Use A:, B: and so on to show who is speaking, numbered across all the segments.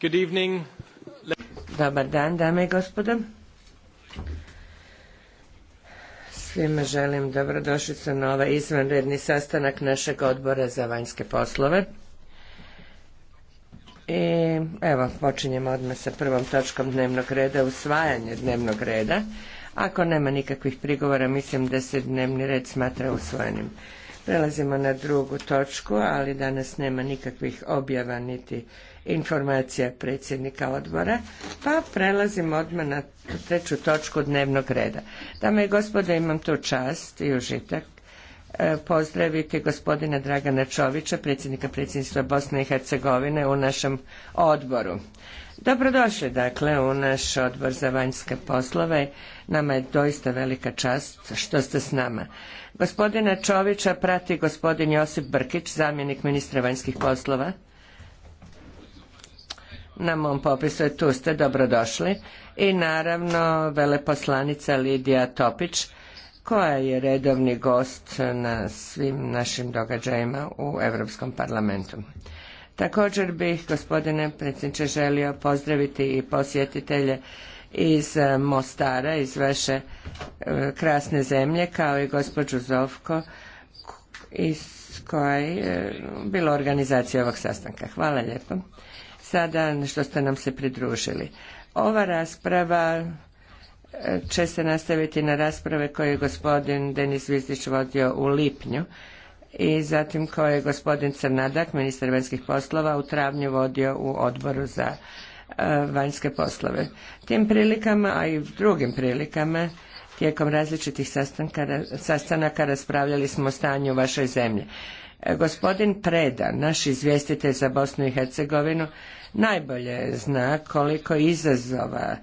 A: Good Dobar dan, dame i gospodo. Svima želim dobrodošlicu na ovaj izvanredni sastanak našeg odbora za vanjske poslove. I evo, počinjemo odmah sa prvom točkom dnevnog reda, usvajanje dnevnog reda. Ako nema nikakvih prigovora, mislim da se dnevni red smatra usvojenim. Prelazimo na drugu točku, ali danas nema nikakvih objava niti informacija predsjednika odbora, pa prelazimo odmah na treću točku dnevnog reda. Dame i gospodo, imam tu čast i užitak e, pozdraviti gospodina Dragana Čovića, predsjednika predsjedništva Bosne i Hercegovine u našem odboru. Dobrodošli dakle u naš odbor za vanjske poslove. Nama je doista velika čast što ste s nama. Gospodina Čovića prati gospodin Josip Brkić, zamjenik ministra vanjskih poslova. Na mom popisu je tu ste, dobrodošli. I naravno veleposlanica Lidija Topić, koja je redovni gost na svim našim događajima u Europskom parlamentu. Također bih, gospodine predsjedniče, želio pozdraviti i posjetitelje iz e, Mostara, iz vaše e, krasne zemlje, kao i gospođu Zovko, iz koje je bila organizacija ovog sastanka. Hvala lijepo. Sada što ste nam se pridružili. Ova rasprava e, će se nastaviti na rasprave koje je gospodin Denis Vizdić vodio u lipnju i zatim koje je gospodin Crnadak, ministar vanjskih poslova, u travnju vodio u odboru za e, vanjske poslove. Tim prilikama, a i drugim prilikama, tijekom različitih sastanaka raspravljali smo o stanju u vašoj zemlji. E, gospodin Preda, naš izvjestitelj za Bosnu i Hercegovinu, najbolje zna koliko izazova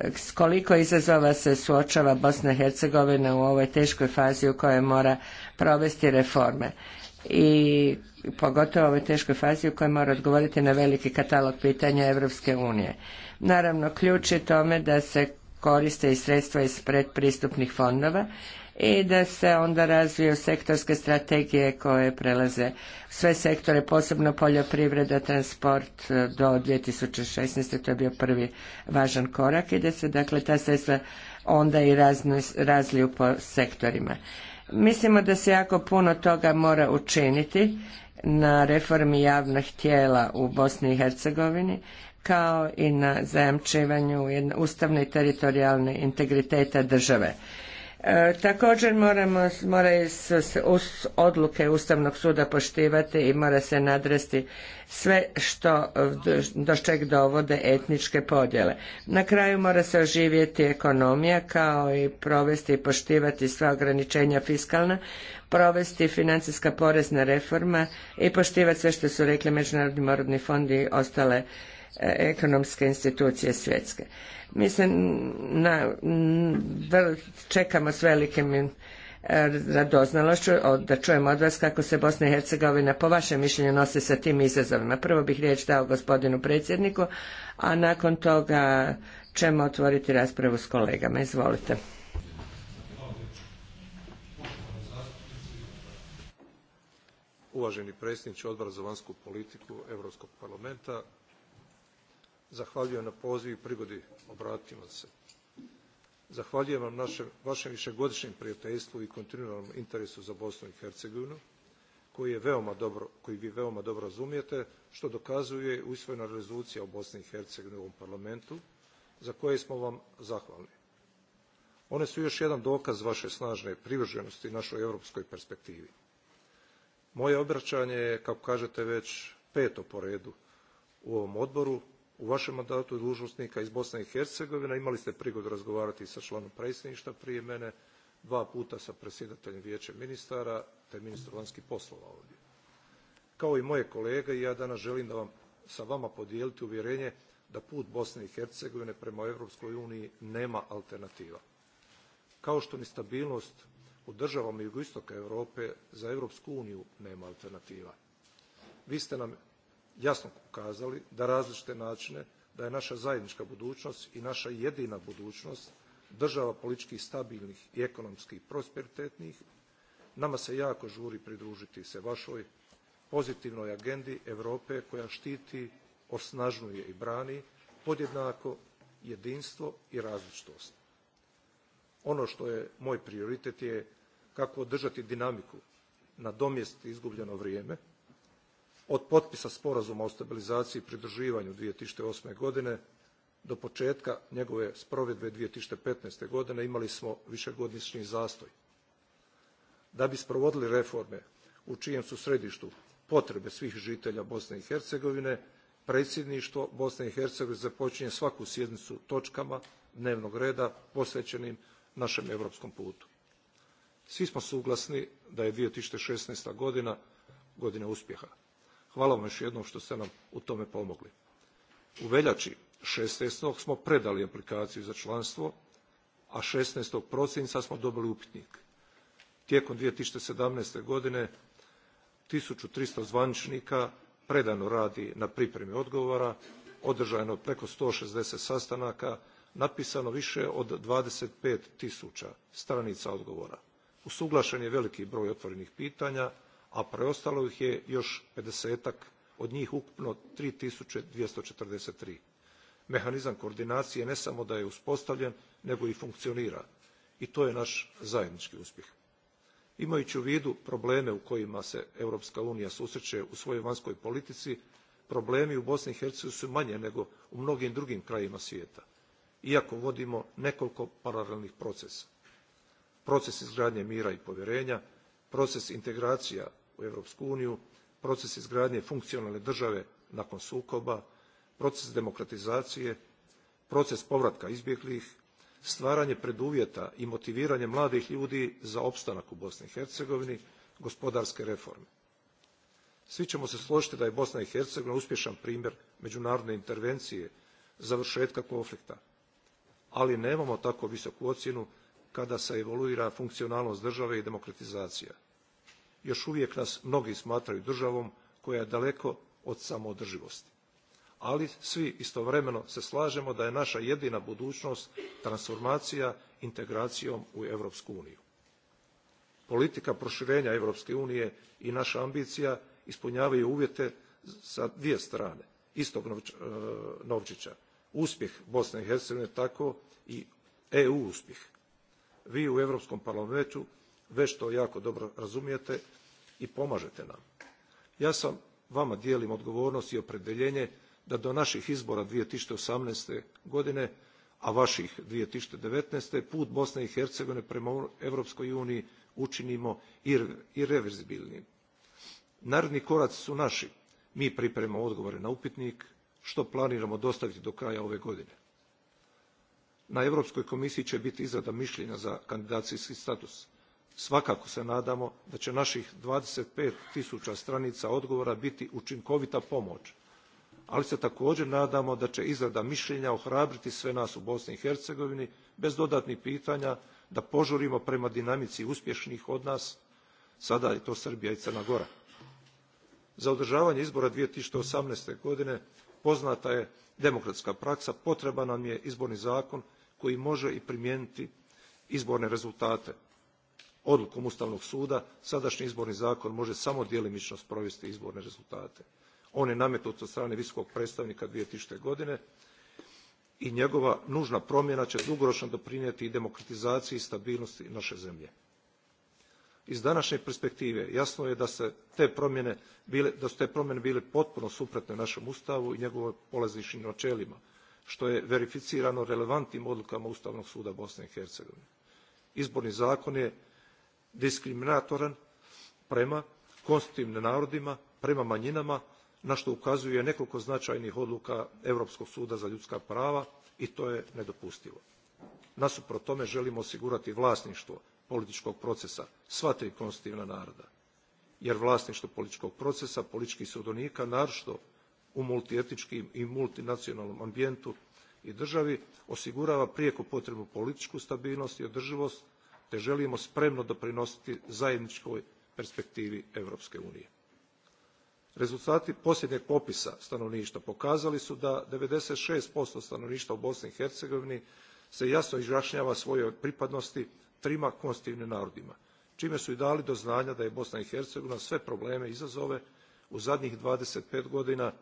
A: s koliko izazova se suočava Bosna i Hercegovina u ovoj teškoj fazi u kojoj mora provesti reforme i pogotovo u ovoj teškoj fazi u kojoj mora odgovoriti na veliki katalog pitanja Europske unije. Naravno, ključ je tome da se koriste i sredstva iz predpristupnih fondova i da se onda razviju sektorske strategije koje prelaze sve sektore, posebno poljoprivreda, transport e, do 2016. To je bio prvi važan korak i da se dakle ta sredstva onda i razliju po sektorima. Mislimo da se jako puno toga mora učiniti na reformi javnih tijela u Bosni i Hercegovini kao i na zajamčivanju ustavne i teritorijalne integriteta države. E, također moramo, moraju se odluke Ustavnog suda poštivati i mora se nadresti sve što do čeg dovode etničke podjele. Na kraju mora se oživjeti ekonomija kao i provesti i poštivati sva ograničenja fiskalna, provesti financijska porezna reforma i poštivati sve što su rekli Međunarodni morodni fond i ostale E, ekonomske institucije svjetske. Mislim, na, čekamo s velikim e, radoznalošću da čujemo od vas kako se Bosna i Hercegovina po vašem mišljenju nosi sa tim izazovima. Prvo bih riječ dao gospodinu predsjedniku, a nakon toga ćemo otvoriti raspravu s kolegama. Izvolite.
B: Uvaženi predsjedniče Odbora za vanjsku politiku Europskog parlamenta, zahvaljujem na pozivu i prigodi obratimo se. Zahvaljujem vam našem, vašem višegodišnjem prijateljstvu i kontinuiranom interesu za Bosnu i Hercegovinu, koji, koji vi veoma dobro razumijete, što dokazuje usvojena rezolucija o Bosni i Hercegovini u ovom parlamentu, za koje smo vam zahvalni. One su još jedan dokaz vaše snažne privrženosti našoj europskoj perspektivi. Moje obraćanje je, kako kažete, već peto po redu u ovom odboru, u vašem mandatu dužnosnika iz Bosne i Hercegovine. Imali ste prigodu razgovarati sa članom predsjedništva prije mene, dva puta sa predsjedateljem vijeća ministara te ministrom vanjskih poslova ovdje. Kao i moje kolege, ja danas želim da vam, sa vama podijeliti uvjerenje da put Bosne i Hercegovine prema Europskoj uniji nema alternativa. Kao što ni stabilnost u državama jugoistoka Europe za Europsku uniju nema alternativa. Vi ste nam jasno ukazali da različite načine da je naša zajednička budućnost i naša jedina budućnost država politički stabilnih i ekonomski prosperitetnih nama se jako žuri pridružiti se vašoj pozitivnoj agendi Europe koja štiti, osnažuje i brani podjednako jedinstvo i različitost. Ono što je moj prioritet je kako održati dinamiku, domjest izgubljeno vrijeme, od potpisa sporazuma o stabilizaciji i pridruživanju 2008. godine do početka njegove sprovedbe 2015. godine imali smo višegodišnji zastoj. Da bi sprovodili reforme u čijem su središtu potrebe svih žitelja Bosne i Hercegovine, predsjedništvo Bosne i Hercegovine započinje svaku sjednicu točkama dnevnog reda posvećenim našem europskom putu. Svi smo suglasni da je 2016. godina godina uspjeha. Hvala vam još jednom što ste nam u tome pomogli. U veljači 16. smo predali aplikaciju za članstvo, a 16. prosinca smo dobili upitnik. Tijekom 2017. godine 1300 zvaničnika predano radi na pripremi odgovora, održano preko 160 sastanaka, napisano više od 25.000 stranica odgovora. Usuglašen je veliki broj otvorenih pitanja, a preostalo ih je još pedesetak od njih ukupno tri tisuće dvjesto četrdeset tri mehanizam koordinacije ne samo da je uspostavljen nego i funkcionira i to je naš zajednički uspjeh imajući u vidu probleme u kojima se europska unija susreće u svojoj vanjskoj politici problemi u bosni i hercegovini su manje nego u mnogim drugim krajevima svijeta iako vodimo nekoliko paralelnih procesa proces izgradnje mira i povjerenja proces integracija u europsku uniju proces izgradnje funkcionalne države nakon sukoba proces demokratizacije proces povratka izbjeglih stvaranje preduvjeta i motiviranje mladih ljudi za opstanak u bosni i hercegovini gospodarske reforme svi ćemo se složiti da je bosna i hercegovina uspješan primjer međunarodne intervencije završetka konflikta ali nemamo tako visoku ocjenu kada se evoluira funkcionalnost države i demokratizacija. Još uvijek nas mnogi smatraju državom koja je daleko od samoodrživosti. Ali svi istovremeno se slažemo da je naša jedina budućnost transformacija integracijom u Europsku uniju. Politika proširenja Europske unije i naša ambicija ispunjavaju uvjete sa dvije strane istog e, novčića. Uspjeh Bosne i Hercegovine tako i EU uspjeh vi u europskom parlamentu već to jako dobro razumijete i pomažete nam ja sam vama dijelim odgovornost i opredjeljenje da do naših izbora 2018. godine a vaših 2019. put Bosne i Hercegovine prema Europskoj uniji učinimo irreverzibilnim. Naredni koraci su naši. Mi pripremamo odgovore na upitnik, što planiramo dostaviti do kraja ove godine na europskoj komisiji će biti izrada mišljenja za kandidacijski status svakako se nadamo da će naših dvadeset pet tisuća stranica odgovora biti učinkovita pomoć ali se također nadamo da će izrada mišljenja ohrabriti sve nas u bosni i hercegovini bez dodatnih pitanja da požurimo prema dinamici uspješnih od nas sada je to srbija i crna gora za održavanje izbora. two thousand and godine poznata je demokratska praksa potreban nam je izborni zakon koji može i primijeniti izborne rezultate. Odlukom Ustavnog suda sadašnji izborni zakon može samo djelimično sprovesti izborne rezultate. On je nametnut od strane visokog predstavnika 2000. godine i njegova nužna promjena će dugoročno doprinijeti i demokratizaciji i stabilnosti naše zemlje. Iz današnje perspektive jasno je da se te promjene bile, su te promjene bile potpuno suprotne našem Ustavu i njegovim polazišnim načelima što je verificirano relevantnim odlukama Ustavnog suda Bosne i Hercegovine. Izborni zakon je diskriminatoran prema konstitutivnim narodima, prema manjinama, na što ukazuje nekoliko značajnih odluka Europskog suda za ljudska prava i to je nedopustivo. Nasuprot tome želimo osigurati vlasništvo političkog procesa sva tri konstitutivna naroda, jer vlasništvo političkog procesa, političkih sudionika, naročito u multietičkim i multinacionalnom ambijentu i državi osigurava prijeko potrebu političku stabilnost i održivost te želimo spremno doprinositi zajedničkoj perspektivi Europske unije. Rezultati posljednjeg popisa stanovništva pokazali su da 96% stanovništva u Bosni i Hercegovini se jasno izjašnjava svojoj pripadnosti trima konstitutivnim narodima, čime su i dali do znanja da je Bosna i Hercegovina sve probleme i izazove u zadnjih 25 godina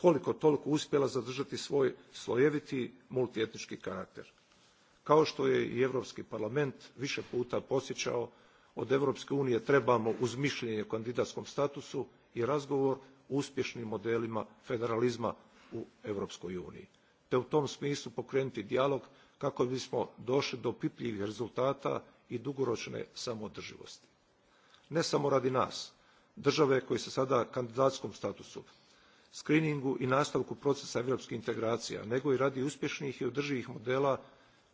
B: koliko toliko uspjela zadržati svoj slojeviti multietnički karakter kao što je i europski parlament više puta podsjećao od europske unije trebamo uz mišljenje o kandidatskom statusu i razgovor o uspješnim modelima federalizma u europskoj uniji te u tom smislu pokrenuti dijalog kako bismo došli do opipljivih rezultata i dugoročne samodrživosti. ne samo radi nas države koje se sada kandidatskom statusu screeningu i nastavku procesa europskih integracija nego i radi uspješnih i održivih modela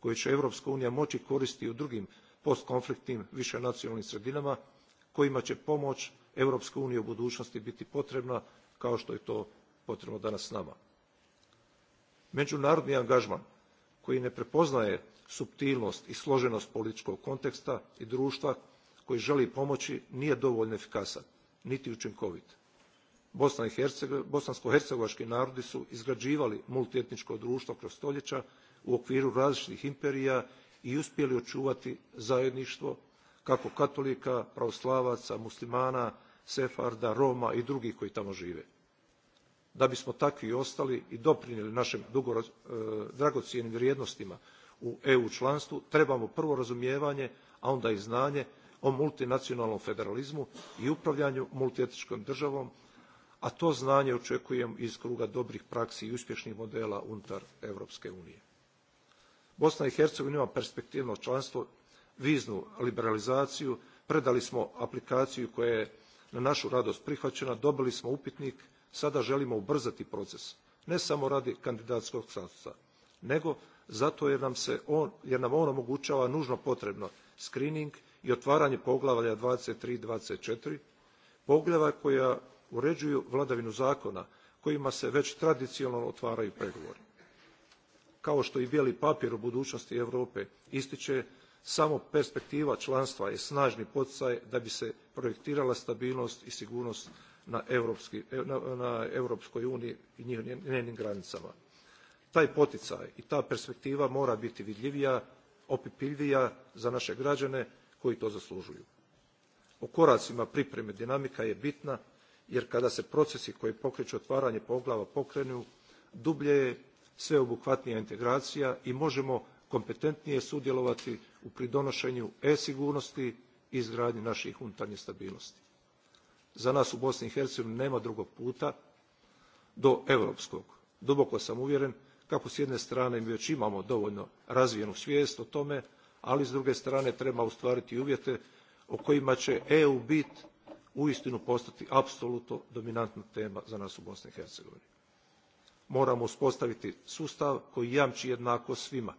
B: koje će europska unija moći koristiti u drugim postkonfliktnim višenacionalnim sredinama kojima će pomoć europske unije u budućnosti biti potrebna kao što je to potrebno danas nama. međunarodni angažman koji ne prepoznaje suptilnost i složenost političkog konteksta i društva koji želi pomoći nije dovoljno efikasan niti učinkovit bosansko-hercegovački narodi su izgrađivali multietničko društvo kroz stoljeća u okviru različitih imperija i uspjeli očuvati zajedništvo kako katolika, pravoslavaca, muslimana, sefarda, Roma i drugih koji tamo žive. Da bismo takvi ostali i doprinijeli našim e, dragocjenim vrijednostima u EU članstvu, trebamo prvo razumijevanje, a onda i znanje o multinacionalnom federalizmu i upravljanju multietničkom državom a to znanje očekujem iz kruga dobrih praksi i uspješnih modela unutar Europske unije. Bosna i Hercegovina ima perspektivno članstvo, viznu liberalizaciju, predali smo aplikaciju koja je na našu radost prihvaćena, dobili smo upitnik, sada želimo ubrzati proces, ne samo radi kandidatskog statusa, nego zato jer nam, se on, jer nam omogućava nužno potrebno screening i otvaranje poglavlja 23 i 24, poglavlja koja uređuju vladavinu zakona kojima se već tradicionalno otvaraju pregovori. Kao što i bijeli papir u budućnosti Europe ističe, samo perspektiva članstva je snažni poticaj da bi se projektirala stabilnost i sigurnost na, Europski, Europskoj uniji i njenim granicama. Taj poticaj i ta perspektiva mora biti vidljivija, opipiljivija za naše građane koji to zaslužuju. O koracima pripreme dinamika je bitna jer kada se procesi koji pokreću otvaranje poglava pokrenu, dublje je sveobuhvatnija integracija i možemo kompetentnije sudjelovati u pridonošenju e-sigurnosti i izgradnji naših unutarnjih stabilnosti. Za nas u Bosni i Hercegovini nema drugog puta do europskog. Duboko sam uvjeren kako s jedne strane mi već imamo dovoljno razvijenu svijest o tome, ali s druge strane treba ostvariti uvjete o kojima će EU biti uistinu postati apsolutno dominantna tema za nas u Bosni i Hercegovini. Moramo uspostaviti sustav koji jamči jednako svima,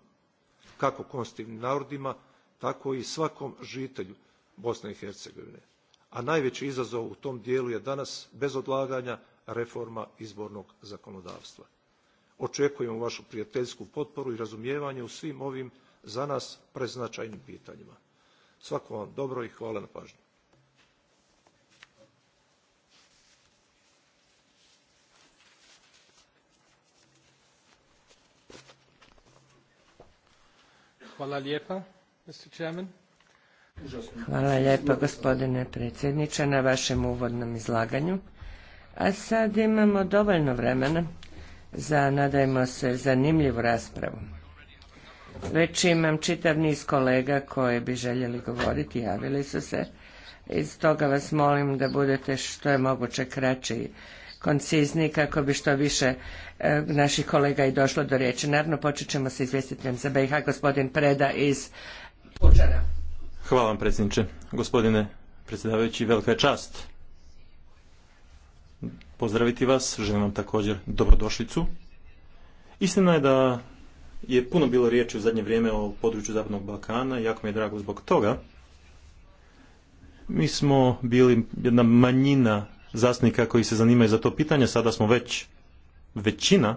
B: kako konstitutivnim narodima, tako i svakom žitelju Bosne i Hercegovine. A najveći izazov u tom dijelu je danas bez odlaganja reforma izbornog zakonodavstva. Očekujemo vašu prijateljsku potporu i razumijevanje u svim ovim za nas preznačajnim pitanjima. Svako vam dobro i hvala na pažnji. Hvala lijepa,
A: gospodine predsjedniče na vašem uvodnom izlaganju. A sad imamo dovoljno vremena za, nadajmo se, zanimljivu raspravu. Već imam čitav niz kolega koji bi željeli govoriti, javili su se. Iz stoga vas molim da budete što je moguće kraći koncizni kako bi što više e, naših kolega i došlo do riječi. Naravno počet ćemo sa izvjestiteljem za BiH, gospodin Preda iz
C: Pučara. Hvala vam predsjedniče. Gospodine predsjedavajući, velika je čast pozdraviti vas. Želim vam također dobrodošlicu. Istina je da je puno bilo riječi u zadnje vrijeme o području Zapadnog Balkana i jako mi je drago zbog toga. Mi smo bili jedna manjina zastupnika koji se zanimaju za to pitanje, sada smo već većina,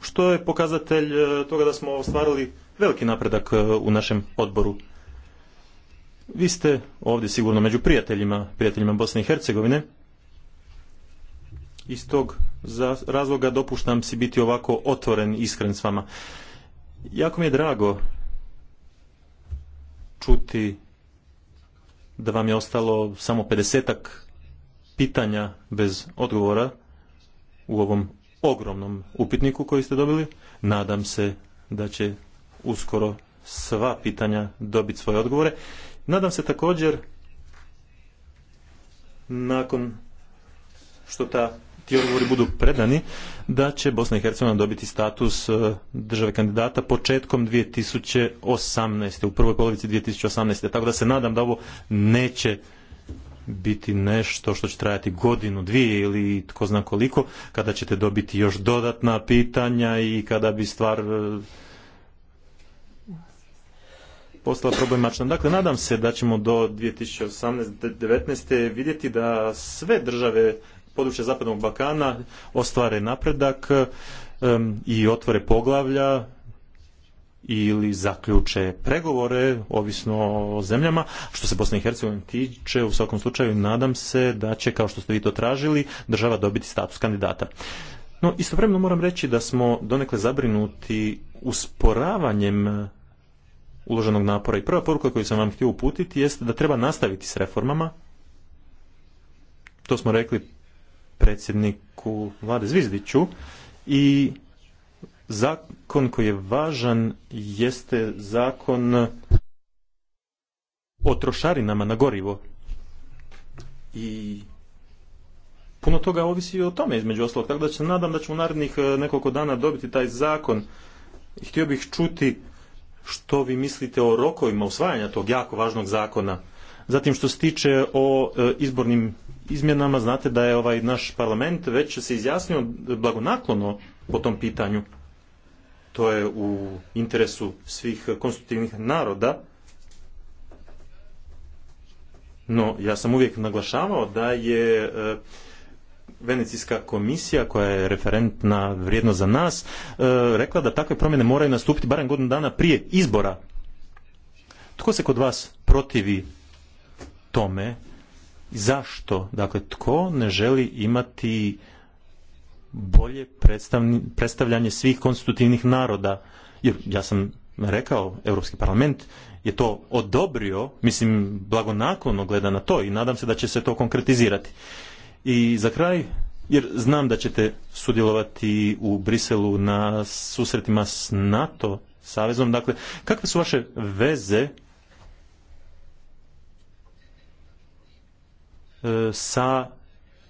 C: što je pokazatelj e, toga da smo ostvarili veliki napredak e, u našem odboru. Vi ste ovdje sigurno među prijateljima, prijateljima Bosne i Hercegovine. Iz tog razloga dopuštam si biti ovako otvoren i iskren s vama. Jako mi je drago čuti da vam je ostalo samo pedesetak pitanja bez odgovora u ovom ogromnom upitniku koji ste dobili. Nadam se da će uskoro sva pitanja dobiti svoje odgovore. Nadam se također nakon što ta ti odgovori budu predani, da će Bosna i Hercegovina dobiti status e, države kandidata početkom 2018. u prvoj polovici 2018. Tako da se nadam da ovo neće biti nešto što će trajati godinu, dvije ili tko zna koliko, kada ćete dobiti još dodatna pitanja i kada bi stvar e, postala problemačna. Dakle, nadam se da ćemo do 2018-2019. vidjeti da sve države područja Zapadnog Balkana ostvare napredak e, i otvore poglavlja ili zaključe pregovore, ovisno o zemljama. Što se Bosne i Hercegovine tiče, u svakom slučaju nadam se da će, kao što ste vi to tražili, država dobiti status kandidata. No, istovremeno moram reći da smo donekle zabrinuti usporavanjem uloženog napora. I prva poruka koju sam vam htio uputiti jeste da treba nastaviti s reformama. To smo rekli predsjedniku Vlade Zvizdiću i Zakon koji je važan jeste zakon o trošarinama na gorivo. I puno toga ovisi i o tome između ostalog. Tako da se nadam da ćemo u narednih e, nekoliko dana dobiti taj zakon. Htio bih čuti što vi mislite o rokovima usvajanja tog jako važnog zakona. Zatim što se tiče o e, izbornim izmjenama, znate da je ovaj naš parlament već se izjasnio blagonaklono po tom pitanju to je u interesu svih konstitutivnih naroda, no ja sam uvijek naglašavao da je e, Venecijska komisija koja je referentna vrijedno za nas e, rekla da takve promjene moraju nastupiti barem godinu dana prije izbora. Tko se kod vas protivi tome? Zašto? Dakle, tko ne želi imati bolje predstavljanje svih konstitutivnih naroda. Jer ja sam rekao, Europski parlament je to odobrio, mislim, blagonaklono gleda na to i nadam se da će se to konkretizirati. I za kraj, jer znam da ćete sudjelovati u Briselu na susretima s NATO savezom, dakle, kakve su vaše veze e, sa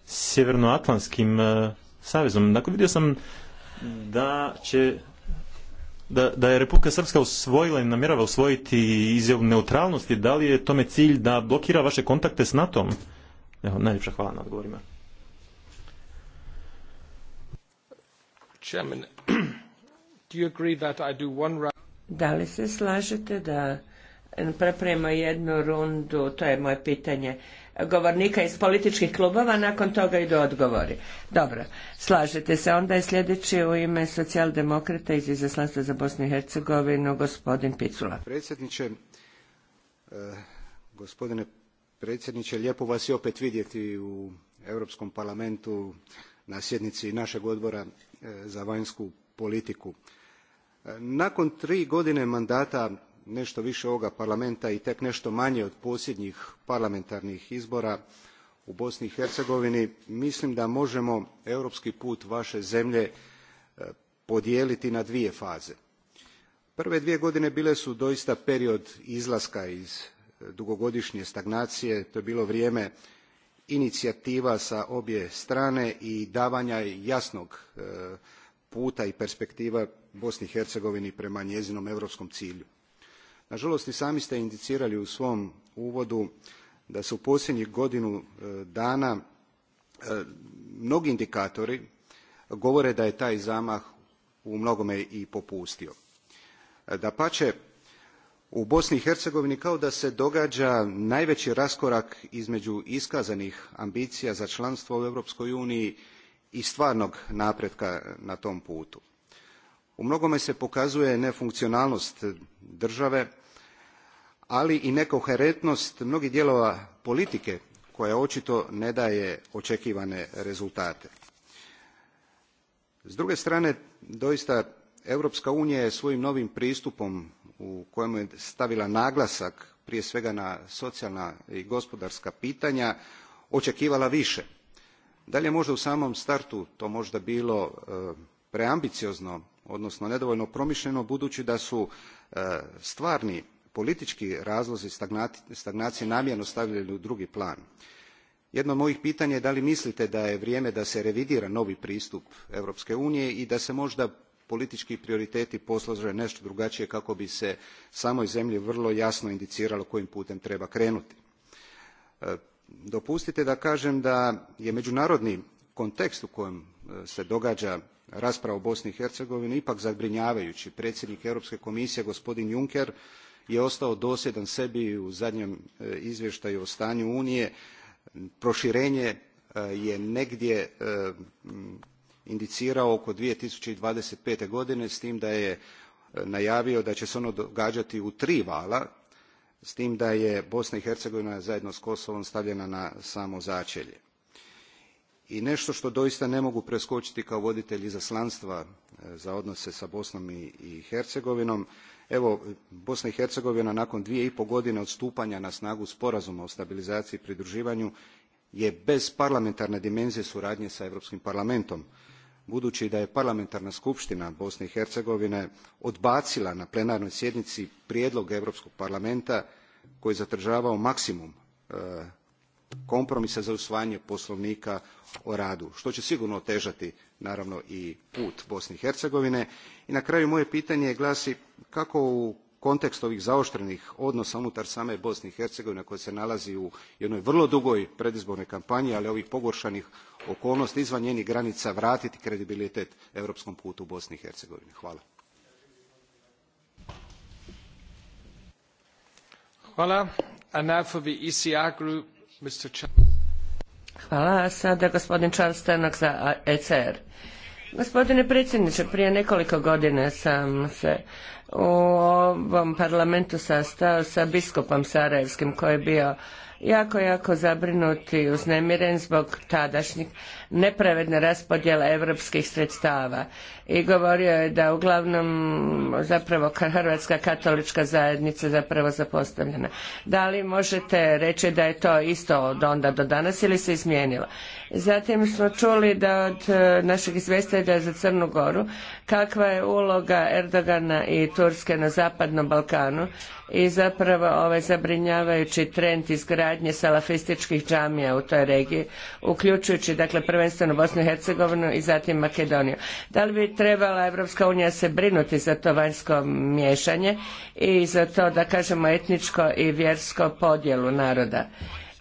C: sjevernoatlantskim e, savezom. Dakle, vidio sam da će da, da je Republika Srpska usvojila i namjerava usvojiti izjavu neutralnosti, da li je tome cilj da blokira vaše kontakte s NATO-om? Evo, najljepša hvala na odgovorima. Da li se
A: slažete da preprema jednu rundu, to je moje pitanje, govornika iz političkih klubova, nakon toga idu odgovori. Dobro, slažete se. Onda je sljedeći u ime socijaldemokrata iz Izaslanstva za Bosnu i Hercegovinu, gospodin Picula.
D: Predsjedniče, eh, gospodine predsjedniče, lijepo vas je opet vidjeti u Europskom parlamentu na sjednici našeg odbora eh, za vanjsku politiku. Eh, nakon tri godine mandata nešto više ovoga parlamenta i tek nešto manje od posljednjih parlamentarnih izbora u bosni i hercegovini mislim da možemo europski put vaše zemlje e, podijeliti na dvije faze prve dvije godine bile su doista period izlaska iz e, dugogodišnje stagnacije to je bilo vrijeme inicijativa sa obje strane i davanja jasnog e, puta i perspektiva bosni i hercegovini prema njezinom europskom cilju nažalost i sami ste indicirali u svom uvodu da su u posljednjih godinu e, dana e, mnogi indikatori govore da je taj zamah u mnogome i popustio. E, dapače u bosni i hercegovini kao da se događa najveći raskorak između iskazanih ambicija za članstvo u europskoj uniji i stvarnog napretka na tom putu u mnogome se pokazuje nefunkcionalnost države ali i nekoherentnost mnogih dijelova politike koja očito ne daje očekivane rezultate. S druge strane, doista Europska unija je svojim novim pristupom u kojem je stavila naglasak prije svega na socijalna i gospodarska pitanja očekivala više. Da li je možda u samom startu to možda bilo eh, preambiciozno odnosno nedovoljno promišljeno budući da su e, stvarni politički razlozi stagnacije namjerno stavljeni u drugi plan. jedno od mojih pitanja je da li mislite da je vrijeme da se revidira novi pristup europske unije i da se možda politički prioriteti poslože nešto drugačije kako bi se samoj zemlji vrlo jasno indiciralo kojim putem treba krenuti. E, dopustite da kažem da je međunarodni kontekst u kojem e, se događa rasprava o bosni i hercegovini ipak zabrinjavajući predsjednik europske komisije gospodin juncker je ostao dosljedan sebi u zadnjem e, izvještaju o stanju unije proširenje e, je negdje e, indicirao oko. two thousand and twenty godine s tim da je najavio da će se ono događati u tri vala s tim da je bosna i hercegovina zajedno s kosovom stavljena na samo začelje i nešto što doista ne mogu preskočiti kao voditelj izaslanstva e, za odnose sa bosnom i hercegovinom evo bosna i hercegovina nakon dvije i pol godine od stupanja na snagu sporazuma o stabilizaciji i pridruživanju je bez parlamentarne dimenzije suradnje sa europskim parlamentom budući da je parlamentarna skupština bosne i hercegovine odbacila na plenarnoj sjednici prijedlog europskog parlamenta koji je zadržavao maksimum e, kompromisa za usvajanje poslovnika o radu što će sigurno otežati naravno i put bosne i hercegovine i na kraju moje pitanje glasi kako u kontekst ovih zaoštrenih odnosa unutar same bosne i hercegovine koja se nalazi u jednoj vrlo dugoj predizbornoj kampanji ali ovih pogoršanih okolnosti izvan njenih granica vratiti kredibilitet europskom putu bosne i hercegovine hvala,
B: hvala.
A: Hvala. sada gospodin Charles za ECR. Gospodine predsjedniče, prije nekoliko godina sam se u ovom parlamentu sastao sa biskupom Sarajevskim koji je bio jako, jako zabrinuti i uznemiren zbog tadašnjih nepravedne raspodjela europskih sredstava. I govorio je da uglavnom zapravo Hrvatska katolička zajednica zapravo zapostavljena. Da li možete reći da je to isto od onda do danas ili se izmijenilo? Zatim smo čuli da od e, našeg izvjestitelja za Crnu Goru kakva je uloga Erdogana i Turske na Zapadnom Balkanu i zapravo ovaj zabrinjavajući trend izgradnje salafističkih džamija u toj regiji, uključujući dakle prvenstveno Bosnu i Hercegovinu i zatim Makedoniju. Da li bi trebala Evropska unija se brinuti za to vanjsko miješanje i za to da kažemo etničko i vjersko podjelu naroda?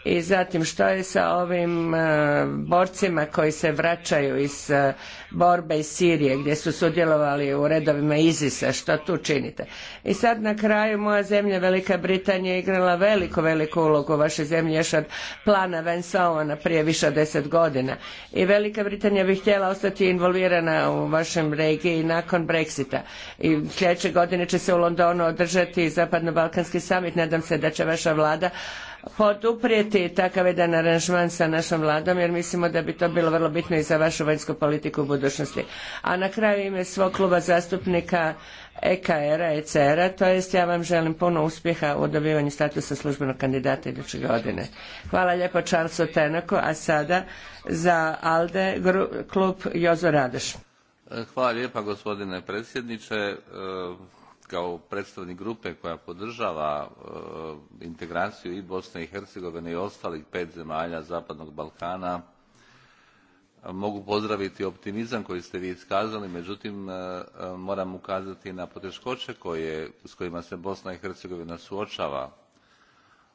A: I zatim što je sa ovim e, borcima koji se vraćaju iz e, borbe iz Sirije gdje su sudjelovali u redovima Izisa, što tu činite? I sad na kraju moja zemlja Velika Britanija je igrala veliku, veliku ulogu u vašoj zemlji još od plana Vensovana prije više od deset godina. I Velika Britanija bi htjela ostati involvirana u vašem regiji nakon Brexita. I sljedeće godine će se u Londonu održati Zapadno-Balkanski summit. Nadam se da će vaša vlada poduprijeti takav jedan aranžman sa našom vladom jer mislimo da bi to bilo vrlo bitno i za vašu vanjsku politiku u budućnosti. A na kraju ime svog kluba zastupnika EKR-a, ECR-a, to jest ja vam želim puno uspjeha u dobivanju statusa službenog kandidata iduće godine. Hvala lijepo Charlesu Tenaku, a sada za ALDE klub Jozo Radeš.
E: Hvala lijepa gospodine predsjedniče kao predstavnik grupe koja podržava e, integraciju i Bosne i Hercegovine i ostalih pet zemalja Zapadnog Balkana e, mogu pozdraviti optimizam koji ste vi iskazali, međutim e, moram ukazati na poteškoće koje, s kojima se Bosna i Hercegovina suočava.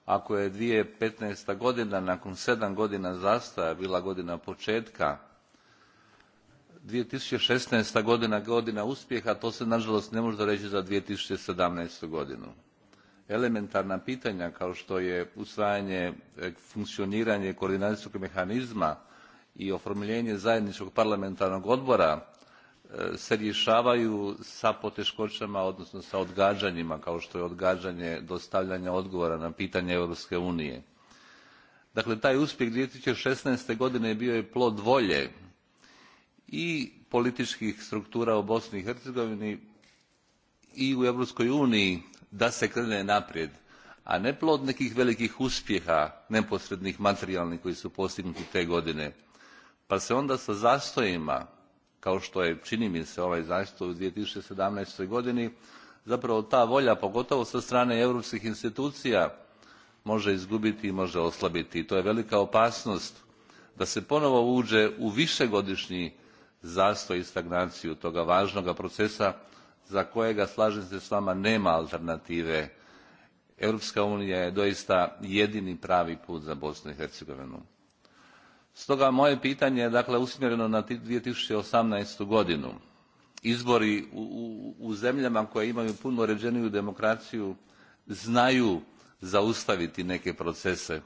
E: Ako je 2015. godina nakon sedam godina zastoja bila godina početka 2016. godina godina uspjeha, to se nažalost ne može reći za 2017. godinu. Elementarna pitanja kao što je usvajanje, e, funkcioniranje koordinacijskog mehanizma i oformljenje zajedničkog parlamentarnog odbora e, se rješavaju sa poteškoćama, odnosno sa odgađanjima, kao što je odgađanje dostavljanja odgovora na pitanje Europske unije. Dakle, taj uspjeh 2016. godine bio je plod volje i političkih struktura u Bosni i Hercegovini i u Europskoj uniji da se krene naprijed, a ne plod nekih velikih uspjeha neposrednih materijalnih koji su postignuti te godine. Pa se onda sa zastojima, kao što je, čini mi se, ovaj zastoj u 2017. godini, zapravo ta volja, pogotovo sa strane europskih institucija, može izgubiti i može oslabiti. I to je velika opasnost da se ponovo uđe u višegodišnji zastoj i stagnaciju toga važnog procesa za kojega slažem se s vama nema alternative. Europska unija je doista jedini pravi put za Bosnu i Hercegovinu. Stoga moje pitanje je dakle usmjereno na 2018. godinu. Izbori u, u zemljama koje imaju puno uređeniju demokraciju znaju zaustaviti neke procese.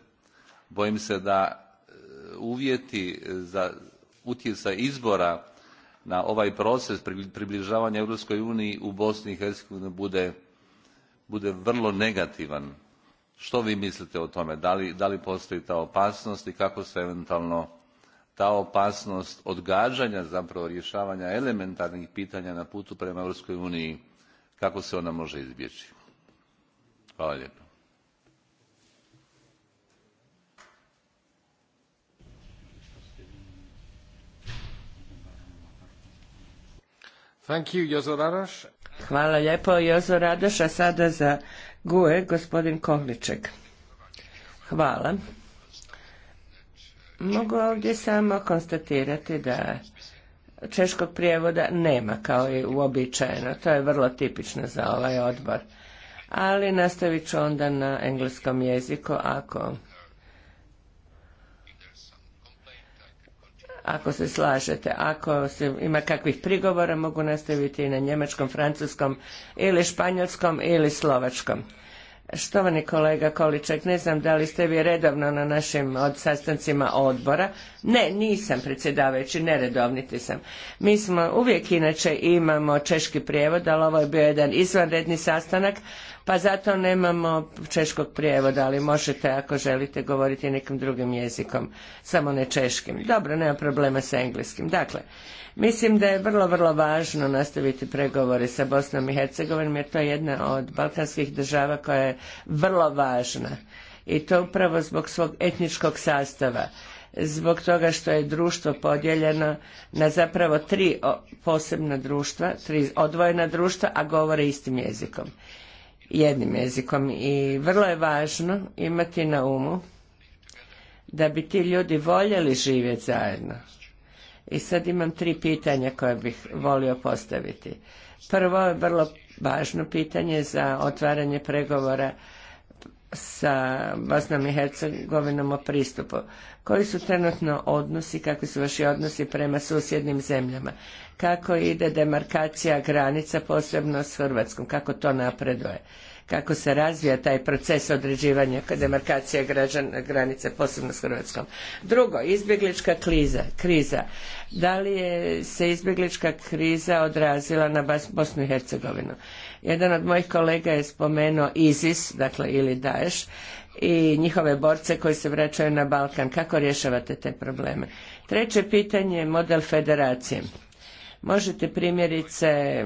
E: Bojim se da e, uvjeti za utjecaj izbora na ovaj proces približavanja europskoj uniji u bosni i hercegovini bude, bude vrlo negativan. što vi mislite o tome? Da li, postoji ta opasnost i kako se eventualno ta opasnost odgađanja zapravo rješavanja elementarnih pitanja na putu prema europskoj uniji kako se ona može izbjeći? hvala lijepo.
B: Thank Jozo
A: Hvala lijepo, Jozo Radoš. A sada za GUE, gospodin Kohliček. Hvala. Mogu ovdje samo konstatirati da češkog prijevoda nema kao i uobičajeno. To je vrlo tipično za ovaj odbor. Ali nastavit ću onda na engleskom jeziku ako ako se slažete. Ako se ima kakvih prigovora mogu nastaviti i na njemačkom, francuskom ili španjolskom ili slovačkom. Štovani kolega Količak ne znam da li ste vi redovno na našim od sastancima odbora. Ne, nisam predsjedavajući, neredovniti sam. Mi smo uvijek inače imamo češki prijevod, ali ovo je bio jedan izvanredni sastanak pa zato nemamo češkog prijevoda, ali možete ako želite govoriti nekim drugim jezikom, samo ne češkim. Dobro, nema problema sa engleskim. Dakle, mislim da je vrlo, vrlo važno nastaviti pregovore sa Bosnom i Hercegovinom jer to je jedna od balkanskih država koja je vrlo važna i to upravo zbog svog etničkog sastava zbog toga što je društvo podijeljeno na zapravo tri posebna društva, tri odvojena društva, a govore istim jezikom jednim jezikom i vrlo je važno imati na umu da bi ti ljudi voljeli živjeti zajedno. I sad imam tri pitanja koje bih volio postaviti. Prvo je vrlo važno pitanje za otvaranje pregovora sa Bosnom i Hercegovinom o pristupu. Koji su trenutno odnosi, kakvi su vaši odnosi prema susjednim zemljama? Kako ide demarkacija granica, posebno s Hrvatskom? Kako to napreduje? kako se razvija taj proces određivanja demarkacije građana, granice, posebno s Hrvatskom. Drugo, izbjeglička kriza. Da li je se izbjeglička kriza odrazila na Bosnu i Hercegovinu? Jedan od mojih kolega je spomenuo ISIS, dakle ili Daesh, i njihove borce koji se vraćaju na Balkan. Kako rješavate te probleme? Treće pitanje je model federacije. Možete primjerice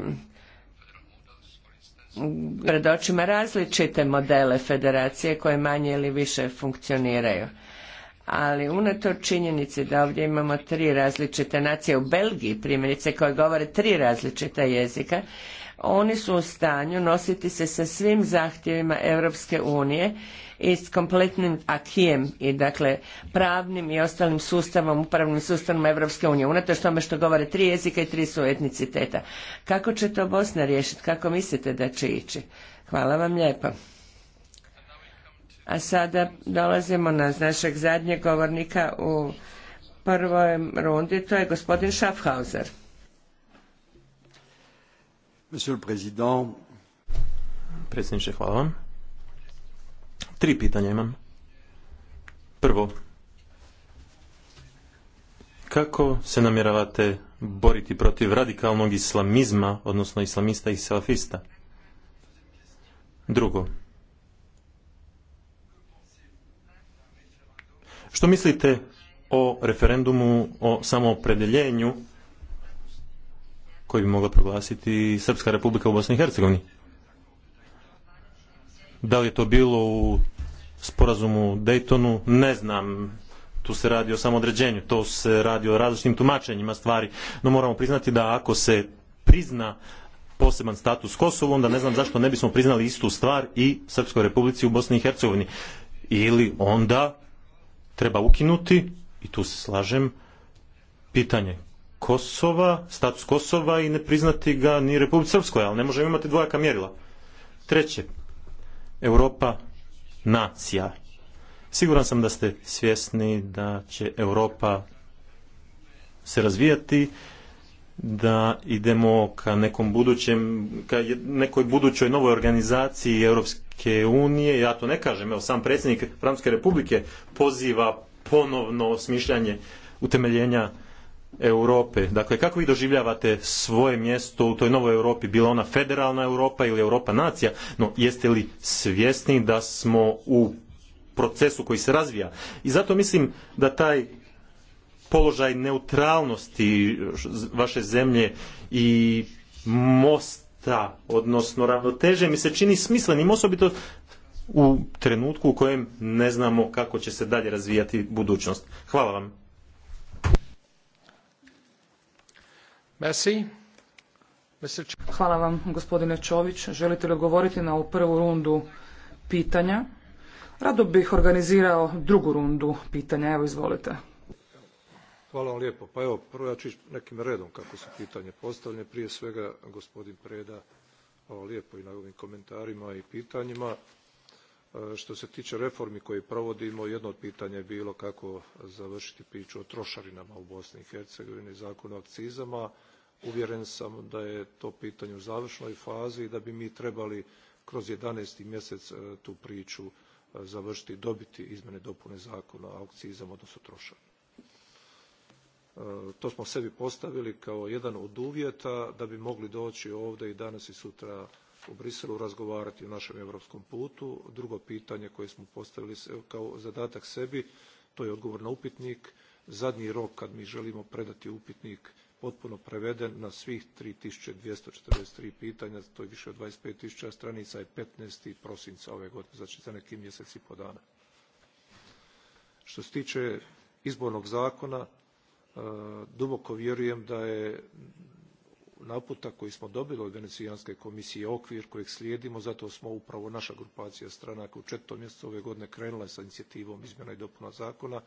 A: pred očima različite modele federacije koje manje ili više funkcioniraju. Ali unato činjenici da ovdje imamo tri različite nacije u Belgiji primjerice koje govore tri različita jezika, oni su u stanju nositi se sa svim zahtjevima Europske unije i s kompletnim akijem i dakle pravnim i ostalim sustavom, upravnim sustavom Europske unije, unatoč tome što govore tri jezika i tri su etniciteta. Kako će to Bosna riješiti? Kako mislite da će ići? Hvala vam lijepo. A sada dolazimo na našeg zadnjeg govornika u prvoj rundi, to je gospodin Schaffhauser.
C: Monsieur le Predsjedniče, hvala vam. Tri pitanja imam. Prvo, kako se namjeravate boriti protiv radikalnog islamizma, odnosno islamista i salafista? Drugo, što mislite o referendumu o samoopredeljenju koji bi mogla proglasiti Srpska republika u Bosni i Hercegovini? Da li je to bilo u sporazumu Daytonu, ne znam. Tu se radi o samodređenju, to se radi o različitim tumačenjima stvari. No moramo priznati da ako se prizna poseban status Kosova, onda ne znam zašto ne bismo priznali istu stvar i Srpskoj republici u Bosni i Hercegovini. Ili onda treba ukinuti, i tu se slažem, pitanje Kosova, status Kosova i ne priznati ga ni Republici Srpskoj, ali ne možemo imati dvojaka mjerila. Treće, Europa nacija. Siguran sam da ste svjesni da će Europa se razvijati, da idemo ka nekom budućem, ka nekoj budućoj novoj organizaciji Europske unije. Ja to ne kažem, evo sam predsjednik Francuske republike poziva ponovno smišljanje utemeljenja Europe. Dakle, kako vi doživljavate svoje mjesto u toj novoj Europi, bila ona federalna Europa ili Europa nacija, no jeste li svjesni da smo u procesu koji se razvija? I zato mislim da taj položaj neutralnosti vaše zemlje i mosta, odnosno ravnoteže, mi se čini smislenim, osobito u trenutku u kojem ne znamo kako će se dalje razvijati budućnost. Hvala vam.
F: Hvala vam, gospodine Čović. Želite li odgovoriti na ovu prvu rundu pitanja? Rado bih organizirao drugu rundu pitanja. Evo, izvolite.
B: Hvala vam Pa evo, prvo ja ću nekim redom kako su pitanje postavljena Prije svega, gospodin Preda, hvala lijepo i na ovim komentarima i pitanjima. E, što se tiče reformi koje provodimo, jedno od pitanja je bilo kako završiti priču o trošarinama u Bosni i Hercegovini, zakon o akcizama Uvjeren sam da je to pitanje u završnoj fazi i da bi mi trebali kroz 11. mjesec e, tu priču e, završiti i dobiti izmjene dopune zakona o akcizama, odnosno trošak. E, to smo sebi postavili kao jedan od uvjeta da bi mogli doći ovdje i danas i sutra u Briselu razgovarati o našem europskom putu. Drugo pitanje koje smo postavili kao zadatak sebi, to je odgovor na upitnik. Zadnji rok kad mi želimo predati upitnik potpuno preveden na svih 3243 pitanja, to je više od 25.000 stranica je 15. prosinca ove godine, znači za neki mjesec i po dana. Što se tiče izbornog zakona, e, duboko vjerujem da je naputak koji smo dobili od Venecijanske komisije, okvir kojeg slijedimo, zato smo upravo naša grupacija stranaka u četvrtom mjesecu ove godine krenula sa inicijativom izmjena i dopuna zakona,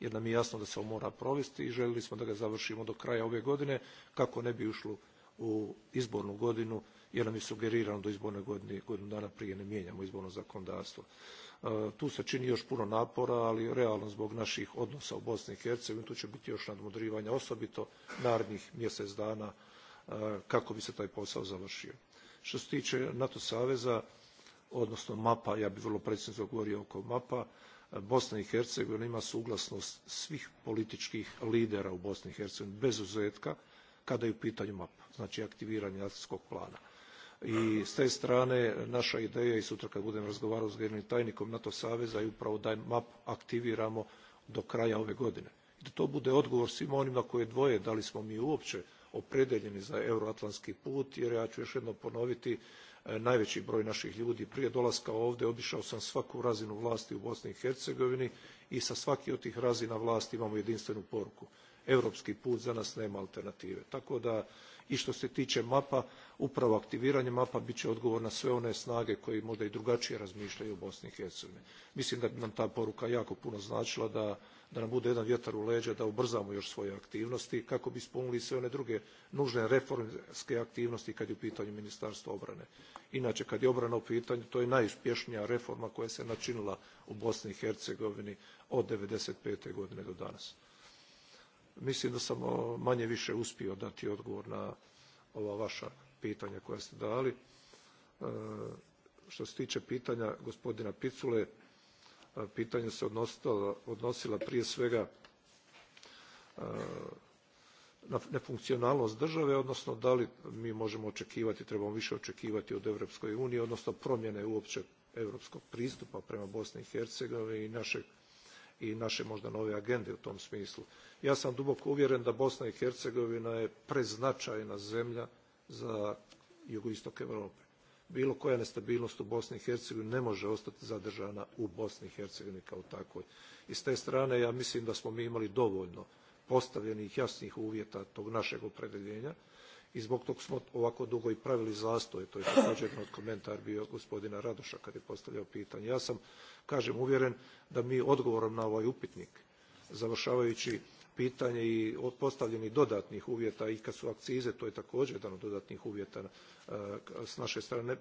B: jer nam je jasno da se on mora provesti i željeli smo da ga završimo do kraja ove godine, kako ne bi ušlo u izbornu godinu, jer nam je sugerirano do izborne godine godinu dana prije ne mijenjamo izborno zakonodavstvo. E, tu se čini još puno napora, ali realno zbog naših odnosa u Bosni i Hercegovini tu će biti još nadmudrivanja, osobito narednih mjesec dana kako bi se taj posao završio. Što se tiče NATO saveza, odnosno MAPA, ja bih vrlo precizno govorio oko MAPA, Bosna i Hercegovina ima suglasnost svih političkih lidera u Bosni i Hercegovini, bez uzetka, kada je u pitanju MAP, znači aktiviranje akcijskog plana. I s te strane naša ideja i sutra kad budem razgovarao s generalnim tajnikom NATO saveza je upravo da MAP aktiviramo do kraja ove godine. I da to bude odgovor svima onima koji dvoje da li smo mi uopće opredeljeni za euroatlantski put jer ja ću još jednom ponoviti e, najveći broj naših ljudi prije dolaska ovdje obišao sam svaku razinu vlasti u Bosni i Hercegovini i sa svaki od tih razina vlasti imamo jedinstvenu poruku. Europski put za nas nema alternative. Tako da i što se tiče mapa, upravo aktiviranje mapa bit će odgovor na sve one snage koje možda i drugačije razmišljaju u Bosni i Hercegovini. Mislim da bi nam ta poruka jako puno značila da da nam bude jedan vjetar u leđa da ubrzamo još svoje aktivnosti kako bi ispunili sve one druge nužne reformske aktivnosti kad je u pitanju ministarstva obrane. Inače, kad je obrana u pitanju, to je najuspješnija reforma koja se načinila u Bosni i Hercegovini od 1995. godine do danas. Mislim da sam manje više uspio dati odgovor na ova vaša pitanja koja ste dali. E, što se tiče pitanja gospodina Picule, Pitanje se odnosila, prije svega na nefunkcionalnost države, odnosno da li mi možemo očekivati, trebamo više očekivati od Europskoj unije, odnosno promjene uopće europskog pristupa prema Bosni i Hercegovini i i naše možda nove agende u tom smislu. Ja sam duboko uvjeren da Bosna i Hercegovina je preznačajna zemlja za jugoistok Europe bilo koja nestabilnost u Bosni i Hercegovini ne može ostati zadržana u Bosni i Hercegovini kao takvoj. I s te strane ja mislim da smo mi imali dovoljno postavljenih jasnih uvjeta tog našeg opredjeljenja i zbog tog smo ovako dugo i pravili zastoje. To je također komentar bio gospodina Radoša kad je postavljao pitanje. Ja sam, kažem, uvjeren da mi odgovorom na ovaj upitnik, završavajući pitanje i postavljenih dodatnih uvjeta i kad su akcize, to je također jedan od dodatnih uvjeta e, s naše strane,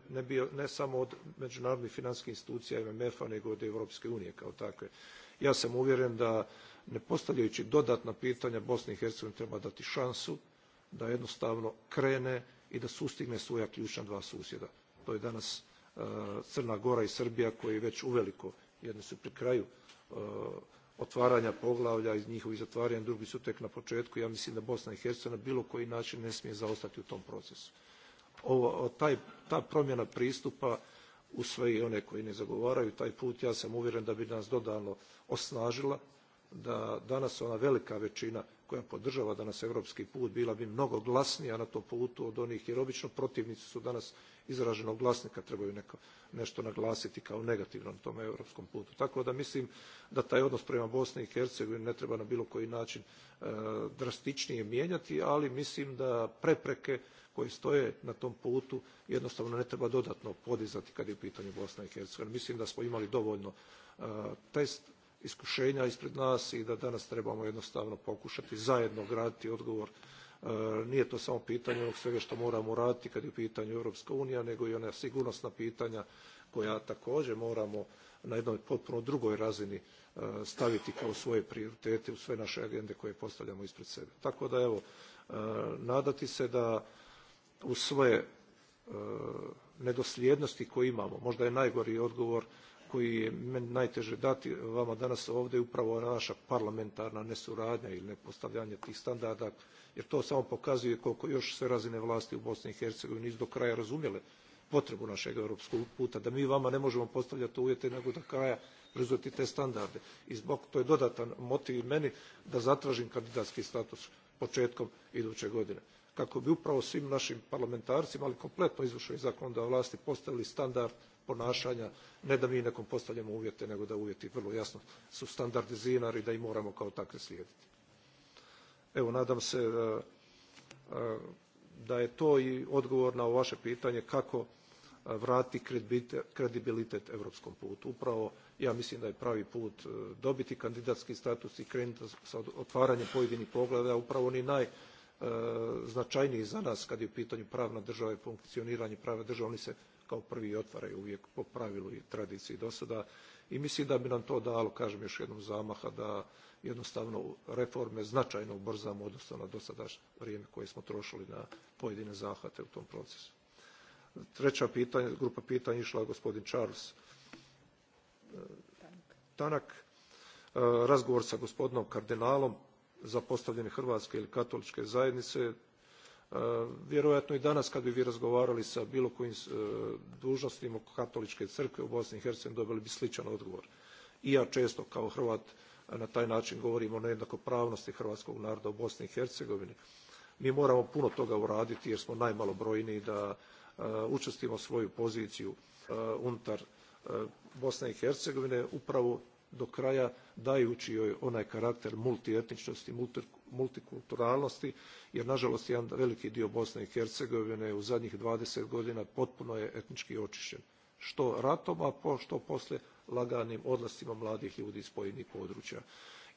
B: ne, samo od međunarodnih financijskih institucija MMF-a, nego od Europske unije kao takve. Ja sam uvjeren da ne postavljajući dodatna pitanja Bosni i Hercegovini treba dati šansu da jednostavno krene i da sustigne svoja ključna dva susjeda. To je danas e, Crna Gora i Srbija koji već uveliko, jedni su pri kraju e, otvaranja poglavlja i njihovih zatvaranja, drugi su tek na početku. Ja mislim da Bosna i Hercegovina bilo koji način ne smije zaostati u tom procesu. ta promjena pristupa u sve i one koji ne zagovaraju taj put, ja sam uvjeren da bi nas dodano osnažila da danas ona velika većina koja podržava danas europski put bila bi mnogo glasnija na tom putu od onih jer obično protivnici su danas izraženog glasnika trebaju nešto naglasiti kao negativno na tom europskom putu. Tako da mislim da taj odnos prema Bosni i Hercegovini ne treba na bilo koji način e, drastičnije mijenjati, ali mislim da prepreke koje stoje na tom putu jednostavno ne treba dodatno podizati kad je u pitanju Bosna i Hercegovina. Mislim da smo imali dovoljno e, test iskušenja ispred nas i da danas trebamo jednostavno pokušati zajedno graditi odgovor. E, nije to samo pitanje onog svega što moramo raditi kad je u pitanju Europska unija, nego i ona sigurnosna pitanja koja također moramo na jednoj potpuno drugoj razini e, staviti kao svoje prioritete u sve naše agende koje postavljamo ispred sebe. Tako da evo, e, nadati se da u sve nedosljednosti koje imamo, možda je najgori odgovor koji je meni najteže dati vama danas ovdje upravo naša parlamentarna nesuradnja ili nepostavljanje tih standarda jer to samo pokazuje koliko još sve razine vlasti u Bosni i Hercegovini nisu do kraja razumjele potrebu našeg europskog puta, da mi vama ne možemo postavljati uvjete nego do kraja preuzeti te standarde. I zbog to je dodatan motiv meni da zatražim kandidatski status početkom iduće godine. Kako bi upravo svim našim parlamentarcima, ali kompletno izvršnoj zakonodavnoj vlasti postavili standard ponašanja, ne da mi nekom postavljamo uvjete, nego da uvjeti vrlo jasno su standardizirani i da ih moramo kao takve slijediti. Evo, nadam se e, e, da, je to i odgovor na vaše pitanje kako e, vrati kredibilitet europskom putu. Upravo ja mislim da je pravi put dobiti kandidatski status i krenuti sa otvaranjem pojedinih pogleda, upravo ni najznačajniji za nas kad je u pitanju pravna država i funkcioniranje prave države, oni se kao prvi otvaraju uvijek po pravilu i tradiciji do sada i mislim da bi nam to dalo, kažem još jednom zamaha, da jednostavno reforme značajno ubrzamo odnosno na dosadašnje vrijeme koje smo trošili na pojedine zahvate u tom procesu. Treća pitanja, grupa pitanja išla gospodin Charles e, Tanak. E, razgovor sa gospodinom kardinalom za postavljene Hrvatske ili katoličke zajednice E, vjerojatno i danas kad bi vi razgovarali sa bilo kojim e, dužnostima katoličke crkve u Bosni i Hercegovini dobili bi sličan odgovor. I ja često kao Hrvat e, na taj način govorim o nejednakopravnosti hrvatskog naroda u Bosni i Hercegovini. Mi moramo puno toga uraditi jer smo najmalobrojniji da učestimo svoju poziciju unutar Bosne i Hercegovine upravo do kraja dajući joj onaj karakter multietničnosti, multikulturalnosti, jer nažalost jedan veliki dio Bosne i Hercegovine u zadnjih 20 godina potpuno je etnički očišćen. Što ratom, a po, što poslije laganim odlastima mladih ljudi iz pojedinih područja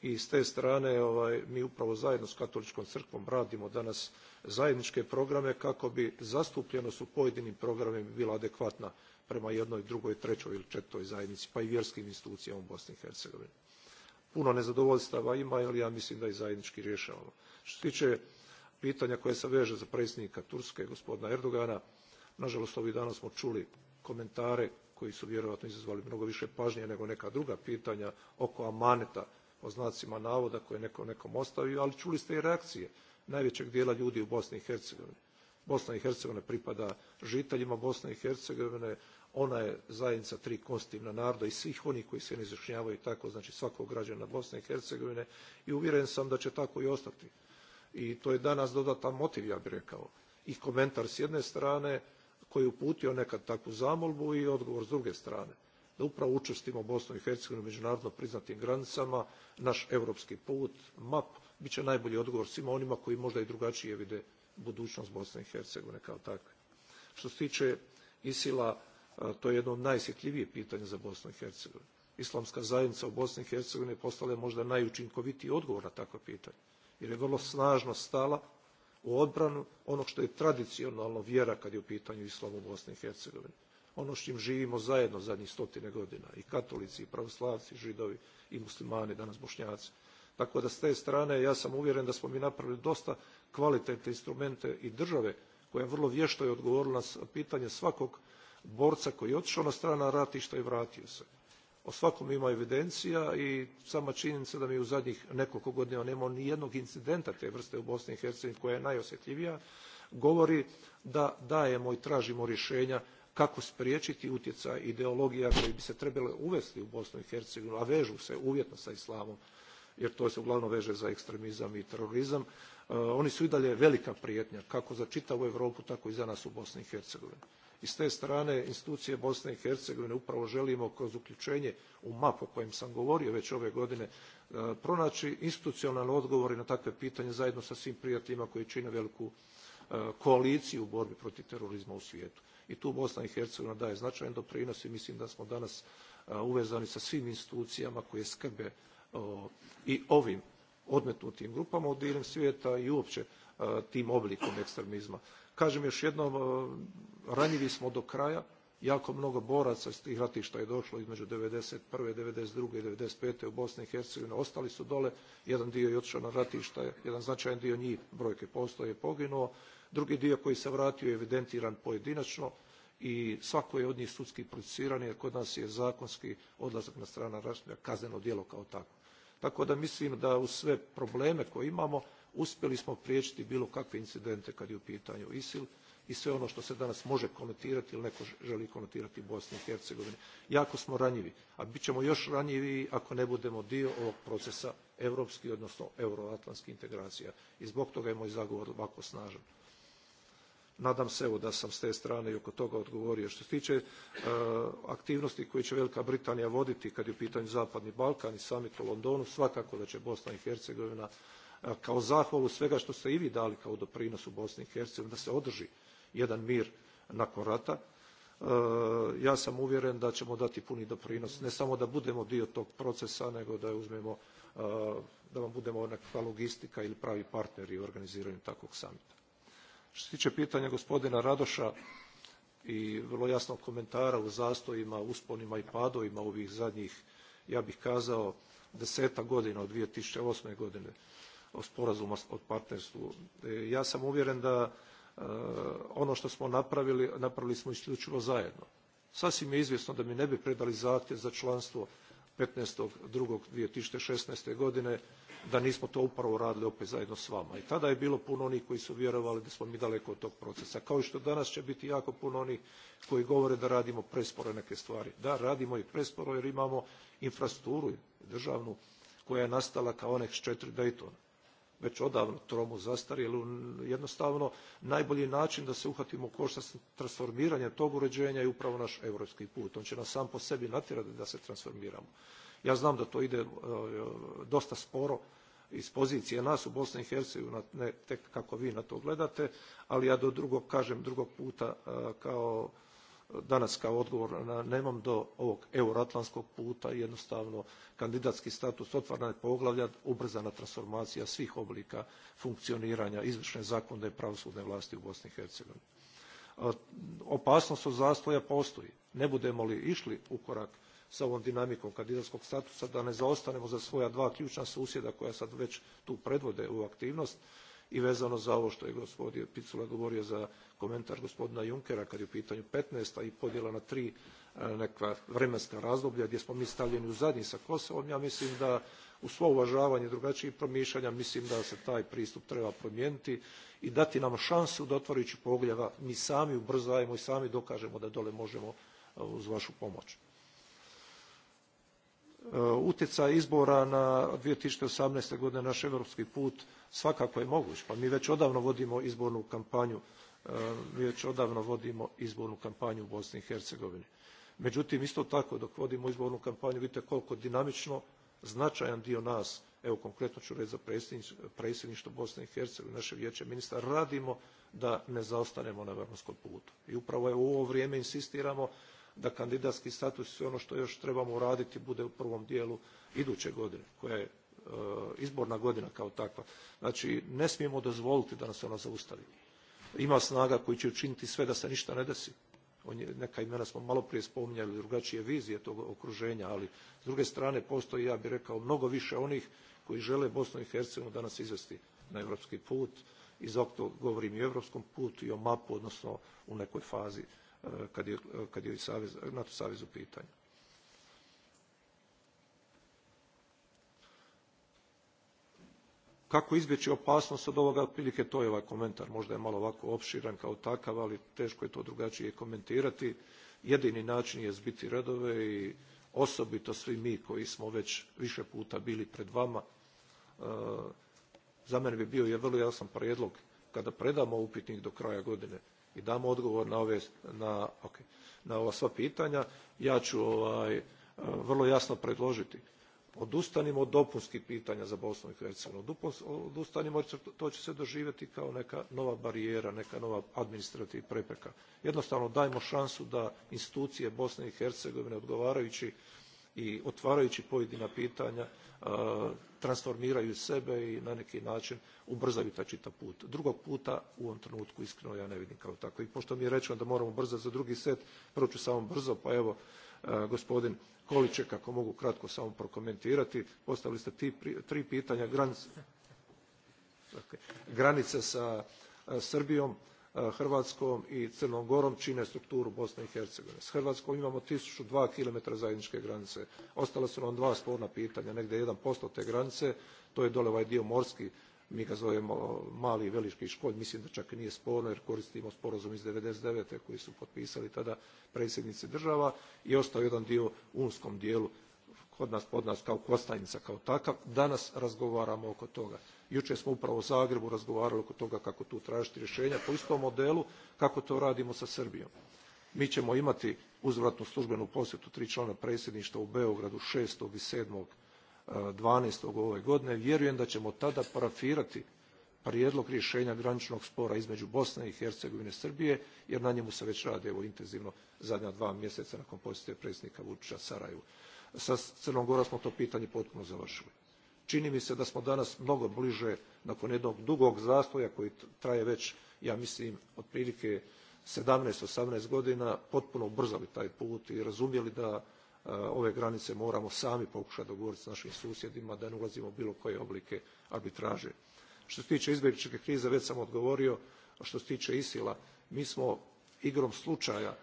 B: i s te strane ovaj, mi upravo zajedno s katoličkom crkvom radimo danas zajedničke programe kako bi zastupljenost u pojedinim programima bila adekvatna prema jednoj, drugoj, trećoj ili četvrtoj zajednici, pa i vjerskim institucijama u Bosni i Hercegovini. Puno nezadovoljstava ima, ali ja mislim da i zajednički rješavamo. Što se tiče pitanja koje se veže za predsjednika Turske, gospodina Erdogana, nažalost ovih dana smo čuli komentare koji su vjerojatno izazvali mnogo više pažnje nego neka druga pitanja oko amaneta po znacima navoda koje je neko nekom ostavio, ali čuli ste i reakcije najvećeg dijela ljudi u Bosni i Hercegovini. Bosna i Hercegovina pripada žiteljima Bosne i Hercegovine, ona je zajednica tri konstitutivna naroda i svih onih koji se ne izjašnjavaju tako, znači svakog građana Bosne i Hercegovine i uvjeren sam da će tako i ostati. I to je danas dodatan motiv, ja bih rekao. I komentar s jedne strane koji je uputio nekad takvu zamolbu i odgovor s druge strane da upravo učestimo Bosnu i u međunarodno priznatim granicama, naš europski put, MAP, bit će najbolji odgovor svima onima koji možda i drugačije vide budućnost Bosne i Hercegovine kao takve. Što se tiče Isila, to je jedno od najosjetljivijih pitanja za Bosnu i Hercegovinu. Islamska zajednica u Bosni i Hercegovini postala je možda najučinkovitiji odgovor na takva pitanje, jer je vrlo snažno stala u odbranu onog što je tradicionalno vjera kad je u pitanju islam u Bosni i Hercegovini ono s čim živimo zajedno zadnjih stotine godina i katolici i pravoslavci i židovi i muslimani danas bošnjaci tako da s te strane ja sam uvjeren da smo mi napravili dosta kvalitetne instrumente i države koja je vrlo vješto je odgovorila na pitanje svakog borca koji je otišao na strana ratišta i vratio se. O svakom ima evidencija i sama činjenica da mi u zadnjih nekoliko godina nemamo ni jednog incidenta te vrste u Bosni i Hercegovini koja je najosjetljivija, govori da dajemo i tražimo rješenja kako spriječiti utjecaj ideologija koje bi se trebale uvesti u Bosnu i Hercegovinu, a vežu se uvjetno sa islamom, jer to se uglavnom veže za ekstremizam i terorizam, eh, oni su i dalje velika prijetnja, kako za čitavu Europu, tako i za nas u Bosni i Hercegovini. I s te strane institucije Bosne i Hercegovine upravo želimo kroz uključenje u MAP o kojem sam govorio već ove godine eh, pronaći institucionalne odgovore na takve pitanje zajedno sa svim prijateljima koji čine veliku eh, koaliciju u borbi protiv terorizma u svijetu i tu Bosna i Hercegovina daje značajan doprinos i mislim da smo danas uvezani sa svim institucijama koje skrbe i ovim odmetnutim grupama u diljem svijeta i uopće tim oblikom ekstremizma. Kažem još jednom, ranjivi smo do kraja, jako mnogo boraca iz tih ratišta je došlo između 1991. 1992. i 1995. u Bosni i Hercegovini. Ostali su dole, jedan dio je otišao na ratišta, jedan značajan dio njih, brojke postoje, je poginuo Drugi dio koji se vratio je evidentiran pojedinačno i svako je od njih sudski procesiran jer kod nas je zakonski odlazak na strana rašnja kazneno djelo kao takvo. Tako da mislim da uz sve probleme koje imamo uspjeli smo priječiti bilo kakve incidente kad je u pitanju ISIL i sve ono što se danas može komentirati ili neko želi komentirati Bosni i Jako smo ranjivi, a bit ćemo još ranjivi ako ne budemo dio ovog procesa europski, odnosno euroatlantskih integracija. I zbog toga je moj zagovor ovako snažan. Nadam se evo, da sam s te strane i oko toga odgovorio. Što se tiče e, aktivnosti koje će Velika Britanija voditi kad je u pitanju Zapadni Balkan i samit u Londonu, svakako da će Bosna i Hercegovina e, kao zahvalu svega što ste i vi dali kao doprinos u Bosni i Hercegovini da se održi jedan mir nakon rata. E, ja sam uvjeren da ćemo dati puni doprinos, ne samo da budemo dio tog procesa, nego da uzmemo, da vam budemo nekakva logistika ili pravi partneri u organiziranju takvog samita. Što se tiče pitanja gospodina Radoša i vrlo jasnog komentara u zastojima, usponima i padovima ovih zadnjih, ja bih kazao, deseta godina od 2008. godine o sporazuma o partnerstvu. E, ja sam uvjeren da e, ono što smo napravili, napravili smo isključivo zajedno. Sasvim je izvjesno da mi ne bi predali zahtjev za članstvo 15.2.2016. godine da nismo to upravo radili opet zajedno s vama. I tada je bilo puno onih koji su vjerovali da smo mi daleko od tog procesa. Kao što danas će biti jako puno onih koji govore da radimo presporo neke stvari. Da, radimo i presporo jer imamo infrastrukturu državnu koja je nastala kao Aneks četiri Daytona već odavno tromu zastarjelu. Jednostavno, najbolji način da se uhvatimo u transformiranja transformiranja tog uređenja je upravo naš europski put. On će nas sam po sebi natjerati da se transformiramo. Ja znam da to ide e, dosta sporo iz pozicije nas u Bosni i Hercegovini, ne tek kako vi na to gledate, ali ja do drugog, kažem, drugog puta e, kao danas kao odgovor nemam do ovog euroatlantskog puta jednostavno kandidatski status je poglavlja ubrzana transformacija svih oblika funkcioniranja izvršne zakonodavne i pravosudne vlasti u bosni i hercegovini opasnost od zastoja postoji ne budemo li išli u korak sa ovom dinamikom kandidatskog statusa da ne zaostanemo za svoja dva ključna susjeda koja sad već tu predvode u aktivnost i vezano za ovo što je gospodin Picula govorio za komentar gospodina Junkera kad je u pitanju 15, i podjela na tri e, nekakva vremenska razdoblja gdje smo mi stavljeni u zadnji sa Kosovom, ja mislim da u svo uvažavanje drugačijih promišljanja mislim da se taj pristup treba promijeniti i dati nam šansu da otvarajući pogljeva mi sami ubrzajemo i sami dokažemo da dole možemo e, uz vašu pomoć. E, utjecaj izbora na 2018. godine naš europski put svakako je moguć. Pa mi već odavno vodimo izbornu kampanju, e, mi već odavno vodimo izbornu kampanju u Bosni i Hercegovini. Međutim, isto tako dok vodimo izbornu kampanju vidite koliko dinamično značajan dio nas, evo konkretno ću reći za predsjedništvo Bosne i Hercegovine, naše vijeće ministra, radimo da ne zaostanemo na europskom putu. I upravo je u ovo vrijeme insistiramo da kandidatski status i ono što još trebamo uraditi bude u prvom dijelu iduće godine koja je e, izborna godina kao takva. Znači, ne smijemo dozvoliti da nas ona zaustavi. Ima snaga koji će učiniti sve da se ništa ne desi. neka imena smo malo prije spominjali, drugačije vizije tog okruženja, ali s druge strane postoji, ja bih rekao, mnogo više onih koji žele Bosnu i Hercegovinu danas izvesti na europski put i zato govorim i o europskom putu i o mapu, odnosno u nekoj fazi kad je, kad je NATO savez u pitanju. Kako izbjeći opasnost od ovoga, otprilike to je ovaj komentar, možda je malo ovako opširan kao takav, ali teško je to drugačije komentirati. Jedini način je zbiti redove i osobito svi mi koji smo već više puta bili pred vama, e, za mene bi bio je vrlo jasan prijedlog kada predamo upitnik do kraja godine i damo odgovor na, ove, na, okay, na ova sva pitanja, ja ću ovaj, vrlo jasno predložiti odustanimo od dopunskih pitanja za Bosnu i Hercegovinu. Odustanimo jer to će se doživjeti kao neka nova barijera, neka nova administrativna prepreka. Jednostavno dajmo šansu da institucije Bosne i Hercegovine odgovarajući i otvarajući pojedina pitanja e, transformiraju sebe i na neki način ubrzaju taj čitav put. Drugog puta u ovom trenutku iskreno ja ne vidim kao tako. I pošto mi je rečeno da moramo brzo za drugi set, prvo ću samo brzo, pa evo e, gospodin Količek, ako mogu kratko samo prokomentirati, postavili ste tri pitanja granice sa e, Srbijom E, Hrvatskom i Crnom Gorom čine strukturu Bosne i Hercegovine. S Hrvatskom imamo tisuću dva kilometra zajedničke granice. Ostala su nam dva sporna pitanja, negdje jedan posto te granice, to je dole ovaj dio morski, mi ga zovemo e, mali i veliki školj, mislim da čak i nije sporno jer koristimo sporazum iz 99. koji su potpisali tada predsjednici država i ostao jedan dio u unskom dijelu kod nas, pod nas kao Kostajnica, kao takav. Danas razgovaramo oko toga jučer smo upravo u Zagrebu razgovarali oko toga kako tu tražiti rješenja po istom modelu kako to radimo sa Srbijom. Mi ćemo imati uzvratnu službenu posjetu tri člana predsjedništva u Beogradu 6. i 7. 12. E, ove godine. Vjerujem da ćemo tada parafirati prijedlog rješenja graničnog spora između Bosne i Hercegovine i Srbije, jer na njemu se već radi evo, intenzivno zadnja dva mjeseca nakon posjete predsjednika Vučića Sarajevu. Sa Crnom Gorom smo to pitanje potpuno završili čini mi se da smo danas mnogo bliže nakon jednog dugog zastoja koji traje već ja mislim otprilike sedamnaest osamnaest godina potpuno ubrzali taj put i razumjeli da e, ove granice moramo sami pokušati dogovoriti sa našim susjedima da ne ulazimo u bilo koje oblike arbitraže. Što se tiče izbjegličke krize, već sam odgovorio, što se tiče ISIL-a, mi smo igrom slučaja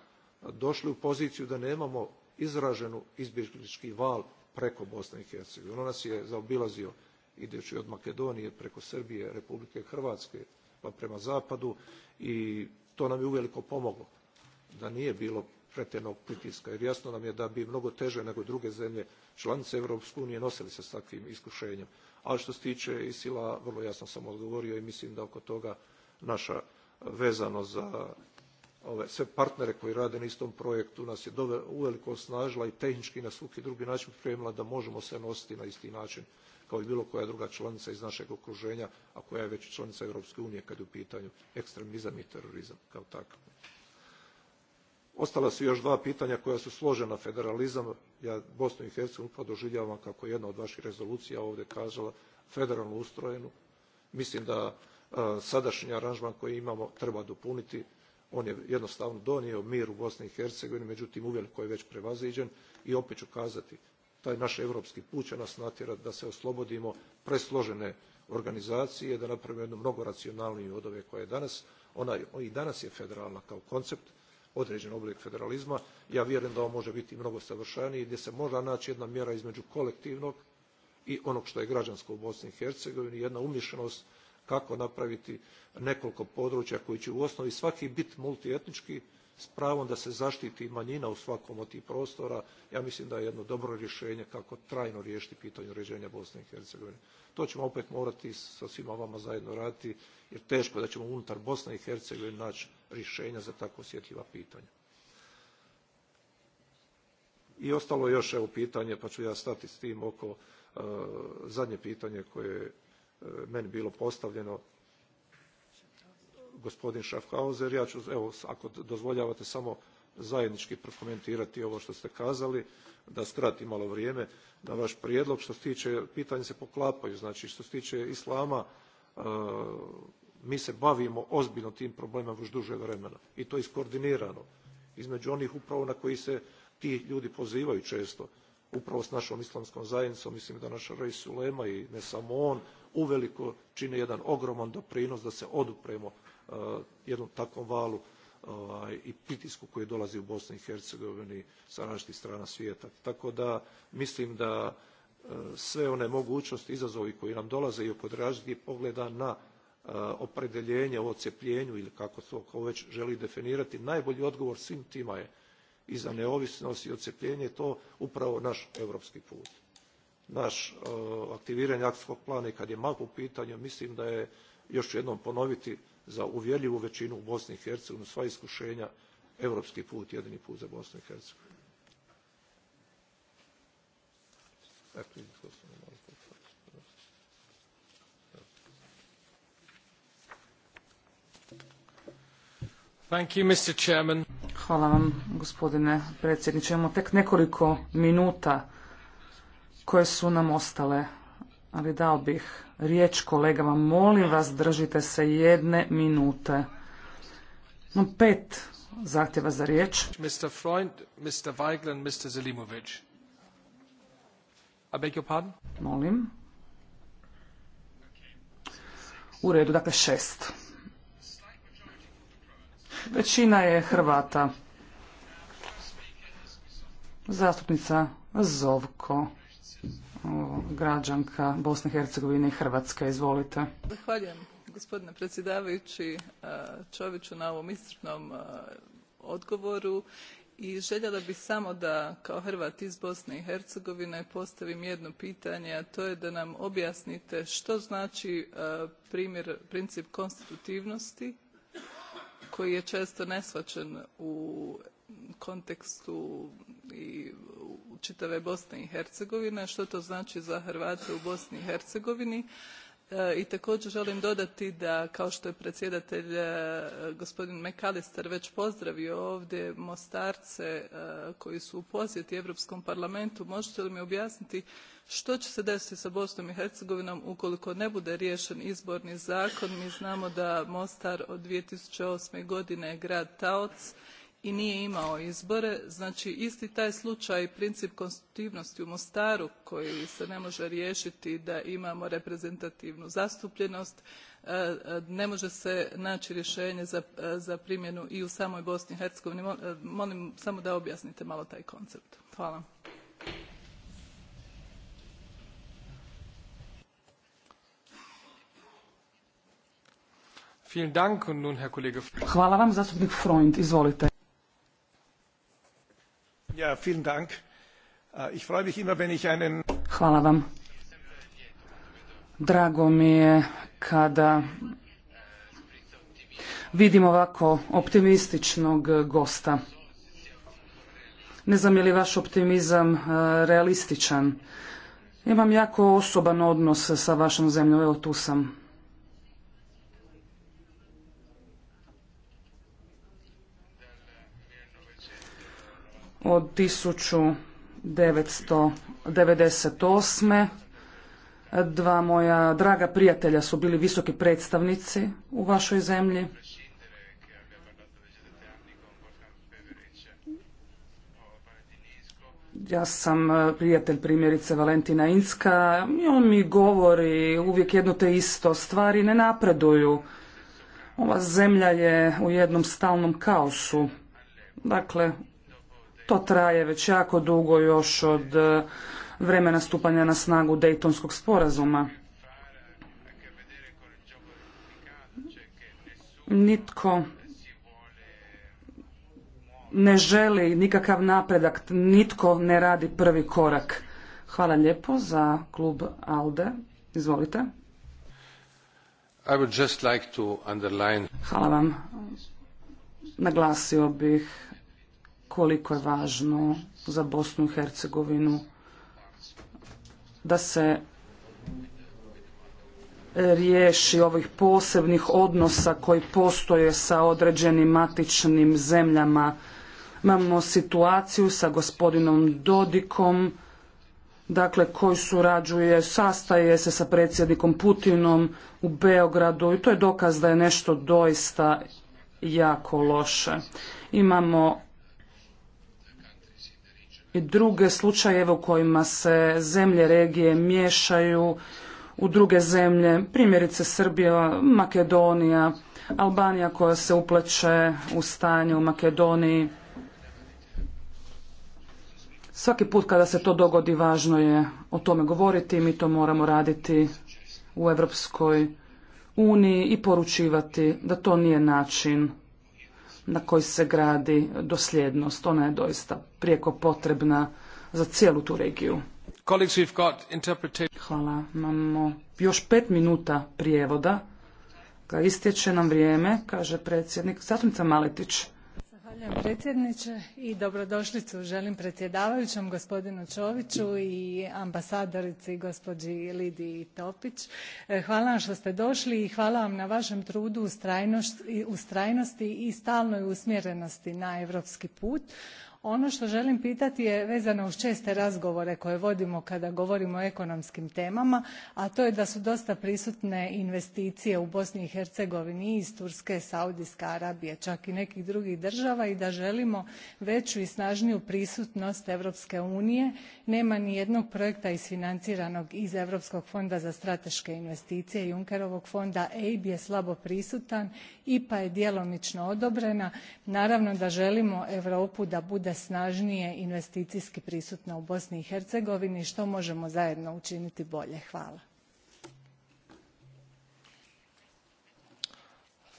B: došli u poziciju da nemamo izraženu izbjeglički val preko Bosne i Hercegovine. On nas je zaobilazio ideći od Makedonije preko Srbije, Republike Hrvatske pa prema zapadu i to nam je uveliko pomoglo da nije bilo pretjeranog pritiska jer jasno nam je da bi mnogo teže nego druge zemlje članice Europske unije nosili se s takvim iskušenjem. Ali što se tiče ISIL-a, vrlo jasno sam odgovorio i mislim da oko toga naša vezano za ove, sve partnere koji rade na istom projektu nas je dove, uveliko osnažila i tehnički i na svaki drugi način pripremila da možemo se nositi na isti način kao i bilo koja druga članica iz našeg okruženja, a koja je već članica Europske unije kad je u pitanju ekstremizam i terorizam kao takav. Ostala su još dva pitanja koja su složena federalizam. Ja Bosnu i Hercegovinu upravo doživljavam kako je jedna od vaših rezolucija ovdje kazala federalno ustrojenu. Mislim da sadašnji aranžman koji imamo treba dopuniti on je jednostavno donio mir u Bosni i Hercegovini, međutim uveliko je već prevaziđen i opet ću kazati, taj naš europski put će nas natjerati da se oslobodimo presložene organizacije, da napravimo jednu mnogo racionalniju od ove koja je danas. Ona i danas je federalna kao koncept, određen oblik federalizma. Ja vjerujem da on može biti mnogo savršeniji, gdje se mora naći jedna mjera između kolektivnog i onog što je građansko u Bosni i Hercegovini, jedna umješanost kako napraviti nekoliko područja koji će u osnovi svaki biti multietnički s pravom da se zaštiti manjina u svakom od tih prostora, ja mislim da je jedno dobro rješenje kako trajno riješiti pitanje uređenja Bosne i Hercegovine. To ćemo opet morati sa svima vama zajedno raditi, jer teško da ćemo unutar Bosne i Hercegovine naći rješenja za tako osjetljiva pitanja. I ostalo je još evo pitanje, pa ću ja stati s tim oko e, zadnje pitanje koje je E, meni bilo postavljeno gospodin Šafhauser. Ja ću, evo, ako dozvoljavate samo zajednički prokomentirati ovo što ste kazali, da skrati malo vrijeme na vaš prijedlog. Što se tiče, pitanje se poklapaju, znači što se tiče islama, e, mi se bavimo ozbiljno tim problemima već duže vremena i to iskoordinirano između onih upravo na koji se ti ljudi pozivaju često upravo s našom islamskom zajednicom, mislim da naš Rej Sulema i ne samo on, uveliko čine jedan ogroman doprinos da se odupremo e, jednom takvom valu ovaj, i pritisku koji dolazi u Bosni i Hercegovini sa različitih strana svijeta. Tako da mislim da e, sve one mogućnosti, izazovi koji nam dolaze i pod različitih pogleda na e, opredeljenje o odcepljenju ili kako to već želi definirati, najbolji odgovor svim tima je i za neovisnost i odcjepljenje je to upravo naš europski put. Naš e, aktiviranje akcijskog plana i kad je malo u pitanju, mislim da je, još jednom ponoviti, za uvjerljivu većinu u Bosni i Hercegovini sva iskušenja europski put, jedini put za Bosnu i Hercegovinu. Dakle,
F: Hvala vam, gospodine predsjedniče. Imamo tek nekoliko minuta koje su nam ostale, ali dao bih riječ kolegama. Molim vas, držite se jedne minute. Imam pet zahtjeva za riječ.
B: Mr. Freund, Mr. Weigl Mr.
F: Molim. U redu, dakle šest. Većina je Hrvata. Zastupnica Zovko, građanka Bosne i Hercegovine i Hrvatske. Izvolite.
G: Zahvaljujem gospodine predsjedavajući e, Čoviću na ovom iscrpnom e, odgovoru i željela bih samo da kao Hrvat iz Bosne i Hercegovine postavim jedno pitanje, a to je da nam objasnite što znači e, primjer princip konstitutivnosti koji je često neshvaćen u kontekstu i čitave Bosne i Hercegovine, što to znači za Hrvate u Bosni i Hercegovini i također želim dodati da kao što je predsjedatelj e, gospodin McAllister već pozdravio ovdje mostarce e, koji su u posjeti Europskom parlamentu, možete li mi objasniti što će se desiti sa Bosnom i Hercegovinom ukoliko ne bude riješen izborni zakon? Mi znamo da Mostar od 2008. godine je grad taoc i nije imao izbore. Znači isti taj slučaj princip konstitutivnosti u Mostaru koji se ne može riješiti da imamo reprezentativnu zastupljenost, e, ne može se naći rješenje za, primjenu i u samoj Bosni i Hercegovini. E, molim samo da objasnite malo taj koncept. Hvala.
F: Hvala vam, Izvolite. Hvala vam. Drago mi je kada vidim ovako optimističnog gosta. Ne znam je li vaš optimizam e, realističan. Imam jako osoban odnos sa vašom zemljom, evo tu sam. od 1998. Dva moja draga prijatelja su bili visoki predstavnici u vašoj zemlji. Ja sam e, prijatelj primjerice Valentina Inska i on mi govori uvijek jedno te isto, stvari ne napreduju. Ova zemlja je u jednom stalnom kaosu. Dakle, to traje već jako dugo još od e, vremena stupanja na snagu Dejtonskog sporazuma. Nitko ne želi nikakav napredak, nitko ne radi prvi korak. Hvala lijepo za klub ALDE. Izvolite. Hvala vam. Naglasio bih koliko je važno za Bosnu i Hercegovinu da se riješi ovih posebnih odnosa koji postoje sa određenim matičnim zemljama. Imamo situaciju sa gospodinom Dodikom, dakle koji surađuje, sastaje se sa predsjednikom Putinom u Beogradu i to je dokaz da je nešto doista jako loše. Imamo i druge slučajeve u kojima se zemlje regije miješaju u druge zemlje, primjerice Srbija, Makedonija, Albanija koja se upleče u stanje u Makedoniji. Svaki put kada se to dogodi važno je o tome govoriti i mi to moramo raditi u Europskoj uniji i poručivati da to nije način na koji se gradi dosljednost. Ona je doista prijeko potrebna za cijelu tu regiju. Hvala. Imamo još pet minuta prijevoda. Istječe nam vrijeme, kaže predsjednik. Zastupnica Maletić.
H: Zahvaljujem predsjedniče i dobrodošlicu želim predsjedavajućem gospodinu Čoviću i ambasadorici gospođi Lidiji Topić. E, hvala vam što ste došli i hvala vam na vašem trudu, ustrajnosti i stalnoj usmjerenosti na europski put ono što želim pitati je vezano uz česte razgovore koje vodimo kada govorimo o ekonomskim temama a to je da su dosta prisutne investicije u bosni i hercegovini iz turske saudijske arabije čak i nekih drugih država i da želimo veću i snažniju prisutnost europske unije nema nijednog projekta isfinanciranog iz europskog fonda za strateške investicije junckerovog fonda eib je slabo prisutan ipa je djelomično odobrena naravno da želimo europu da bude snažnije investicijski prisutna u bosni i hercegovini što možemo zajedno učiniti bolje hvala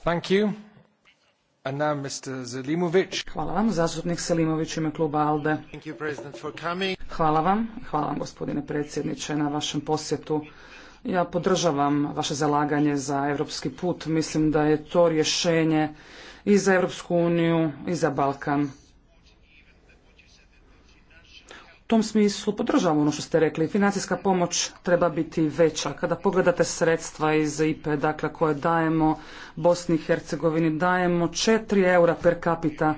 B: Thank you. Hvala
F: vam. Zastupnik Selimović u ime kluba ALDE. hvala vam. Hvala gospodine predsjedniče na vašem posjetu ja podržavam vaše zalaganje za europski put. Mislim da je to rješenje i za Europsku uniju i za Balkan. U tom smislu podržavam ono što ste rekli. Financijska pomoć treba biti veća. Kada pogledate sredstva iz IPE, dakle koje dajemo Bosni i Hercegovini, dajemo 4 eura per capita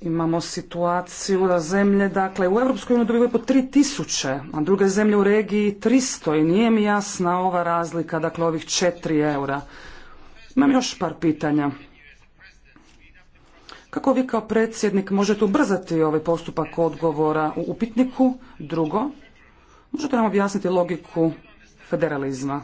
F: Imamo situaciju da zemlje, dakle, u Europskoj uniji dobivaju po tisuće, a druge zemlje u regiji 300 i nije mi jasna ova razlika, dakle, ovih 4 eura. Imam još par pitanja. Kako vi kao predsjednik možete ubrzati ovaj postupak odgovora u upitniku? Drugo, možete nam objasniti logiku federalizma?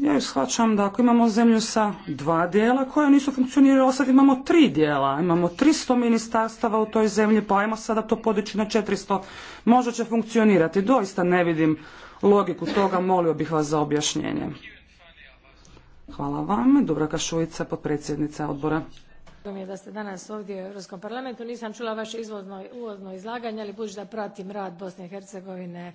F: Ja shvaćam da ako imamo zemlju sa dva dijela koja nisu funkcionirala, sad imamo tri dijela. Imamo 300 ministarstava u toj zemlji, pa ajmo sada to podići na 400. Možda će funkcionirati. Doista ne vidim logiku toga, molio bih vas za objašnjenje. Hvala vam. Dubraka Šujica, potpredsjednica odbora.
H: Hvala
I: mi je da ste danas ovdje u Europskom parlamentu. Nisam čula vaše izvozno, uvozno izlaganje, ali budući da pratim rad Bosne i Hercegovine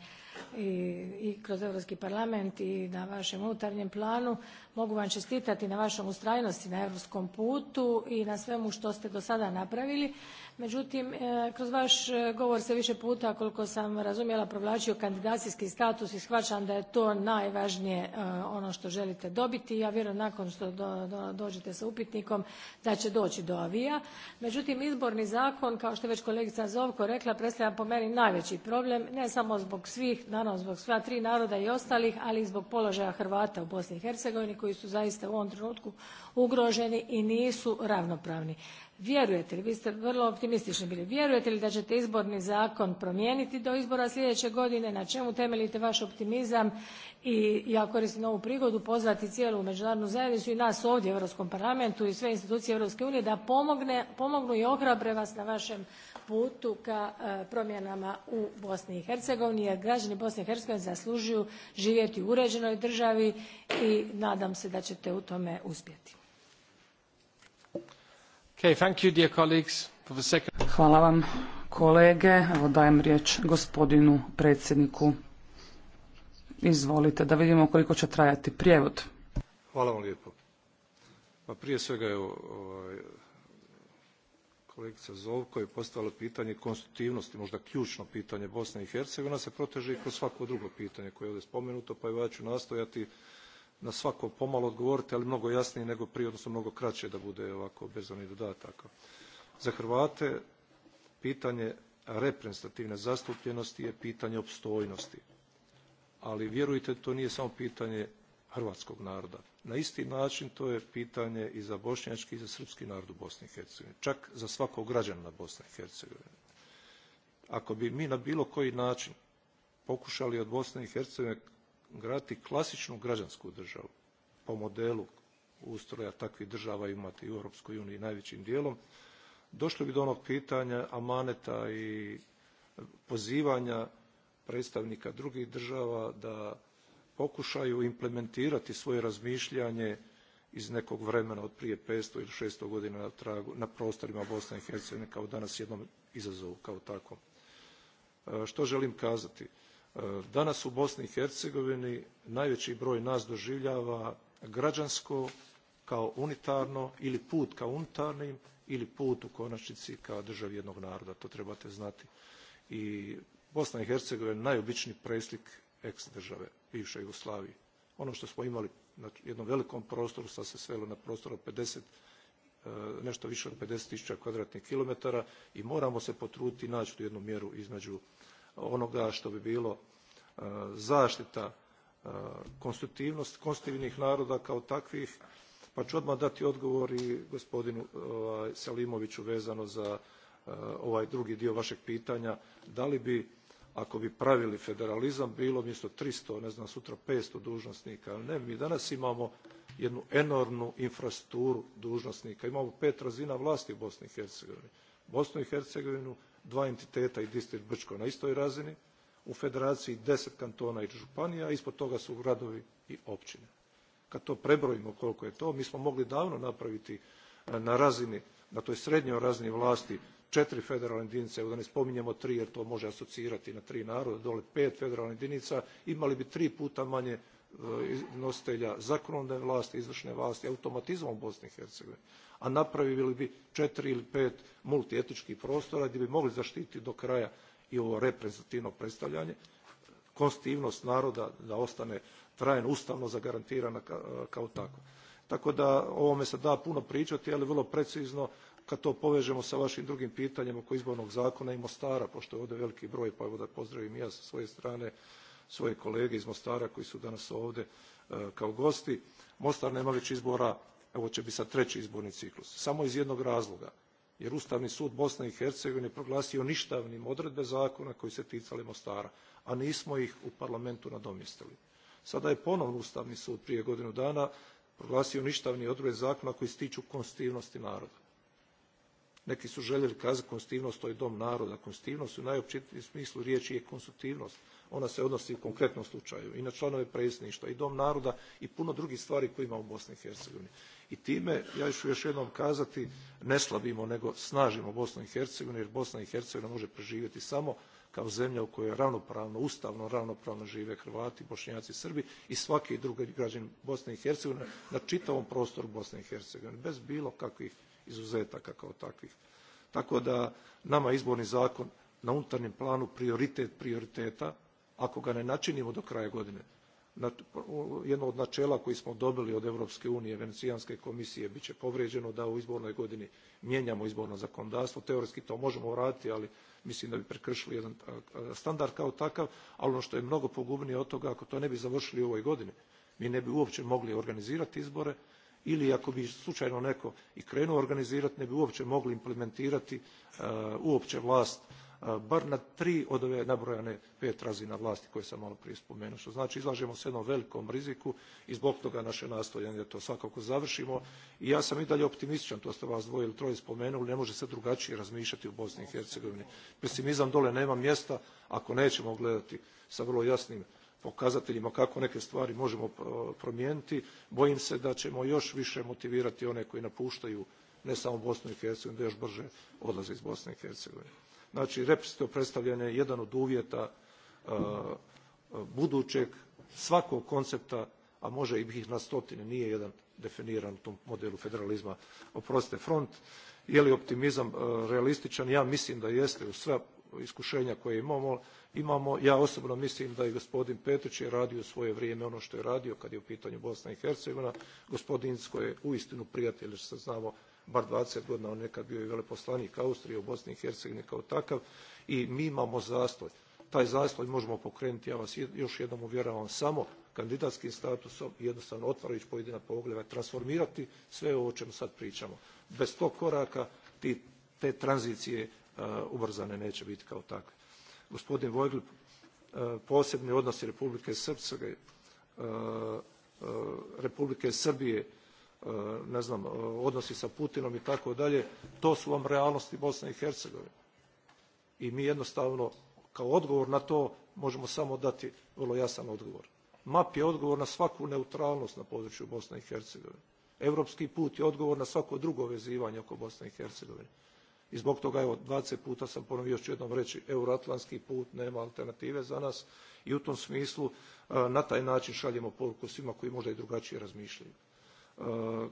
I: i, kroz europski parlament i na vašem unutarnjem planu mogu vam čestitati na vašoj ustrajnosti na europskom putu i na svemu što ste do sada napravili međutim e, kroz vaš e, govor se više puta koliko sam razumjela provlačio kandidacijski status i shvaćam da je to najvažnije e, ono što želite dobiti ja vjerujem nakon što dođete sa upitnikom da će doći do avija međutim izborni zakon kao što je već kolegica zovko rekla predstavlja po meni najveći problem ne samo zbog svih naravno zbog sva tri naroda i ostalih ali i zbog položaja hrvata u bosni i hercegovini koji su zaista u ovom trenutku ugroženi i nisu ravnopravni. vjerujete li vi ste vrlo optimistični bili vjerujete li da ćete izborni zakon promijeniti do izbora sljedeće godine na čemu temeljite vaš optimizam i ja koristim ovu prigodu pozvati cijelu međunarodnu zajednicu i nas ovdje u europskom parlamentu i sve institucije europske unije da pomognu i ohrabre vas na vašem putu ka e, promjenama u bosni i hercegovini jer građani bosne i hercegovine zaslužuju živjeti u uređenoj državi i nadam se da ćete u tome uspjeti.
F: Hvala vam kolege. Evo dajem riječ gospodinu predsjedniku. Izvolite da vidimo koliko će trajati prijevod.
B: Hvala vam lijepo. prije svega ovaj, kolegica Zovko je postavila pitanje konstitutivnosti, možda ključno pitanje Bosne i Hercegovine, se proteže i kroz svako drugo pitanje koje je ovdje spomenuto, pa evo ja ću nastojati na svako pomalo odgovoriti, ali mnogo jasnije nego prije, odnosno mnogo kraće da bude ovako bez onih dodataka. Za Hrvate pitanje reprezentativne zastupljenosti je pitanje opstojnosti. Ali vjerujte, to nije samo pitanje hrvatskog naroda na isti način to je pitanje i za bošnjački i za srpski narod u Bosni i Hercegovini, čak za svakog građana Bosne i Hercegovine. Ako bi mi na bilo koji način pokušali od Bosne i Hercegovine graditi klasičnu građansku državu po modelu ustroja takvih država imati u Europskoj uniji najvećim dijelom, došlo bi do onog pitanja amaneta i pozivanja predstavnika drugih država da pokušaju implementirati svoje razmišljanje iz nekog vremena od prije 500 ili 600 godina na, prostorima Bosne i Hercegovine kao danas jednom izazovu kao tako. E, što želim kazati? E, danas u Bosni i Hercegovini najveći broj nas doživljava građansko kao unitarno ili put kao unitarnim ili put u konačnici ka državi jednog naroda. To trebate znati. I Bosna i Hercegovina je najobičniji preslik ex države bivšoj Jugoslaviji. Ono što smo imali na jednom velikom prostoru, sad se svelo na prostor od 50, e, nešto više od 50.000 kvadratnih kilometara i moramo se potruditi naći tu jednu mjeru između onoga što bi bilo e, zaštita e, konstitutivnost konstitutivnih naroda kao takvih, pa ću odmah dati odgovor i gospodinu ovaj, Salimoviću vezano za ovaj drugi dio vašeg pitanja, da li bi ako bi pravili federalizam bilo mjesto 300, ne znam, sutra 500 dužnosnika. Ne, mi danas imamo jednu enormnu infrastrukturu dužnosnika. Imamo pet razina vlasti u Bosni i Hercegovini. Bosnu i Hercegovinu, dva entiteta i distrikt Brčko na istoj razini, u federaciji deset kantona i županija, a ispod toga su gradovi i općine. Kad to prebrojimo koliko je to, mi smo mogli davno napraviti eh, na razini, na toj srednjoj razini vlasti četiri federalne jedinice, da ne spominjemo tri jer to može asocirati na tri naroda, dole pet federalnih jedinica, imali bi tri puta manje e, nositelja zakonodavne vlasti, izvršne vlasti, automatizmom u Bosni i Hercegovini. A napravili bi četiri ili pet multietičkih prostora gdje bi mogli zaštiti do kraja i ovo reprezentativno predstavljanje, konstitivnost naroda da ostane trajno ustavno zagarantirana kao takva. Tako da o ovome se da puno pričati, ali vrlo precizno kad to povežemo sa vašim drugim pitanjem oko izbornog zakona i Mostara, pošto je ovdje veliki broj, pa evo da pozdravim i ja sa svoje strane svoje kolege iz Mostara koji su danas ovdje e, kao gosti. Mostar nema već izbora, evo će biti sad treći izborni ciklus. Samo iz jednog razloga, jer Ustavni sud Bosne i Hercegovine proglasio ništavnim odredbe zakona koji se ticali Mostara, a nismo ih u parlamentu nadomjestili. Sada je ponovno Ustavni sud prije godinu dana proglasio ništavni odredbe zakona koji se tiču konstitutivnosti naroda neki su željeli kazati konstitutivnost, to je dom naroda. Konstitutivnost u najopćitijem smislu riječi je konstitutivnost. Ona se odnosi u konkretnom slučaju i na članove predsjedništva i dom naroda i puno drugih stvari koje ima u Bosni i Hercegovini. I time, ja ću još jednom kazati, ne slabimo nego snažimo Bosnu i Hercegovini, jer Bosna i Hercegovina može preživjeti samo kao zemlja u kojoj ravnopravno, ustavno ravnopravno žive Hrvati, Bošnjaci Srbi i svaki drugi građanin Bosne i Hercegovine na čitavom prostoru Bosne i Hercegovine, bez bilo kakvih izuzetaka kao takvih. Tako da nama izborni zakon na unutarnjem planu prioritet prioriteta, ako ga ne načinimo do kraja godine, jedno od načela koji smo dobili od Europske unije, Venecijanske komisije, bit će povrijeđeno da u izbornoj godini mijenjamo izborno zakonodavstvo. Teoretski to možemo uraditi, ali mislim da bi prekršili jedan standard kao takav, ali ono što je mnogo pogubnije od toga, ako to ne bi završili u ovoj godini, mi ne bi uopće mogli organizirati izbore, ili ako bi slučajno neko i krenuo organizirati ne bi uopće mogli implementirati e, uopće vlast e, bar na tri od ove nabrojane pet razina vlasti koje sam malo prije spomenuo. Što znači izlažemo se jednom velikom riziku i zbog toga naše nastojanje da to svakako završimo. I ja sam i dalje optimističan, to ste vas dvoje ili troje spomenuli, ne može se drugačije razmišljati u Bosni i Hercegovini. Pesimizam dole nema mjesta ako nećemo gledati sa vrlo jasnim pokazateljima kako neke stvari možemo e, promijeniti, bojim se da ćemo još više motivirati one koji napuštaju ne samo Bosnu i Hercegovinu, da još brže odlaze iz Bosne i Hercegovine. Znači, reprezentativno predstavljanje je jedan od uvjeta e, e, budućeg svakog koncepta, a može i ih na stotine, nije jedan definiran u tom modelu federalizma. Oprostite, front je li optimizam realističan? Ja mislim da jeste. u sve iskušenja koje imamo, imamo. Ja osobno mislim da je gospodin Petrić je radio u svoje vrijeme ono što je radio kad je u pitanju Bosna i Hercegovina. Gospodin Incko je uistinu prijatelj, što se znamo bar 20 godina, on nekad bio i veleposlanik Austrije u Bosni i Hercegovini kao takav i mi imamo zastoj. Taj zastoj možemo pokrenuti, ja vas još jednom uvjeravam, samo kandidatskim statusom i jednostavno otvarajući pojedina pogleda, transformirati sve ovo o čemu sad pričamo. Bez tog koraka te tranzicije E, ubrzane neće biti kao takve. Gospodin Vojgl, e, posebni odnosi Republike Srpske, e, Republike Srbije, ne znam, odnosi sa Putinom i tako dalje, to su vam realnosti Bosne i Hercegovine. I mi jednostavno kao odgovor na to možemo samo dati vrlo jasan odgovor. MAP je odgovor na svaku neutralnost na području Bosne i Hercegovine. Europski put je odgovor na svako drugo vezivanje oko Bosne i Hercegovine i zbog toga evo dvadeset puta sam ponovio još ću jednom reći euroatlantski put nema alternative za nas i u tom smislu e, na taj način šaljemo poruku svima koji možda i drugačije razmišljaju. E,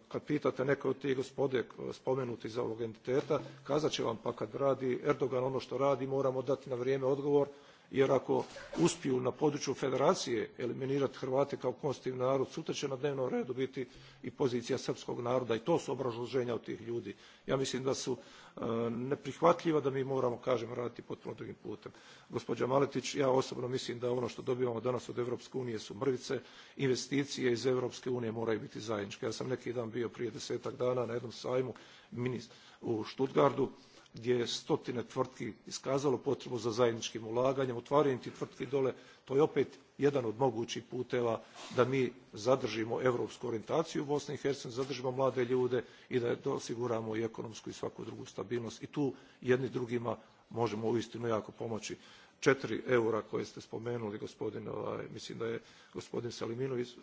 B: kad pitate neke od tih gospode e, spomenuti iz ovog entiteta, kazat će vam pa kad radi Erdogan ono što radi moramo dati na vrijeme odgovor jer ako uspiju na području federacije eliminirati Hrvate kao konstitutivni narod, sutra će na dnevnom redu biti i pozicija srpskog naroda i to su obrazloženja od tih ljudi. Ja mislim da su e, neprihvatljiva da mi moramo, kažem, raditi potpuno drugim putem. Gospođa Maletić, ja osobno mislim da ono što dobivamo danas od Europske unije su mrvice, investicije iz Europske unije moraju biti zajedničke. Ja sam neki dan bio prije desetak dana na jednom sajmu u Stuttgartu gdje je stotine tvrtki iskazalo potrebu za zajedničkim ulaganjem, otvaranjem tih tvrtki dole, to je opet jedan od mogućih puteva da mi zadržimo europsku orijentaciju u Bosni i Hercegovini, zadržimo mlade ljude i da osiguramo i ekonomsku i svaku drugu stabilnost. I tu jedni drugima možemo uistinu jako pomoći. Četiri eura koje ste spomenuli, gospodin, ovaj, mislim da je gospodin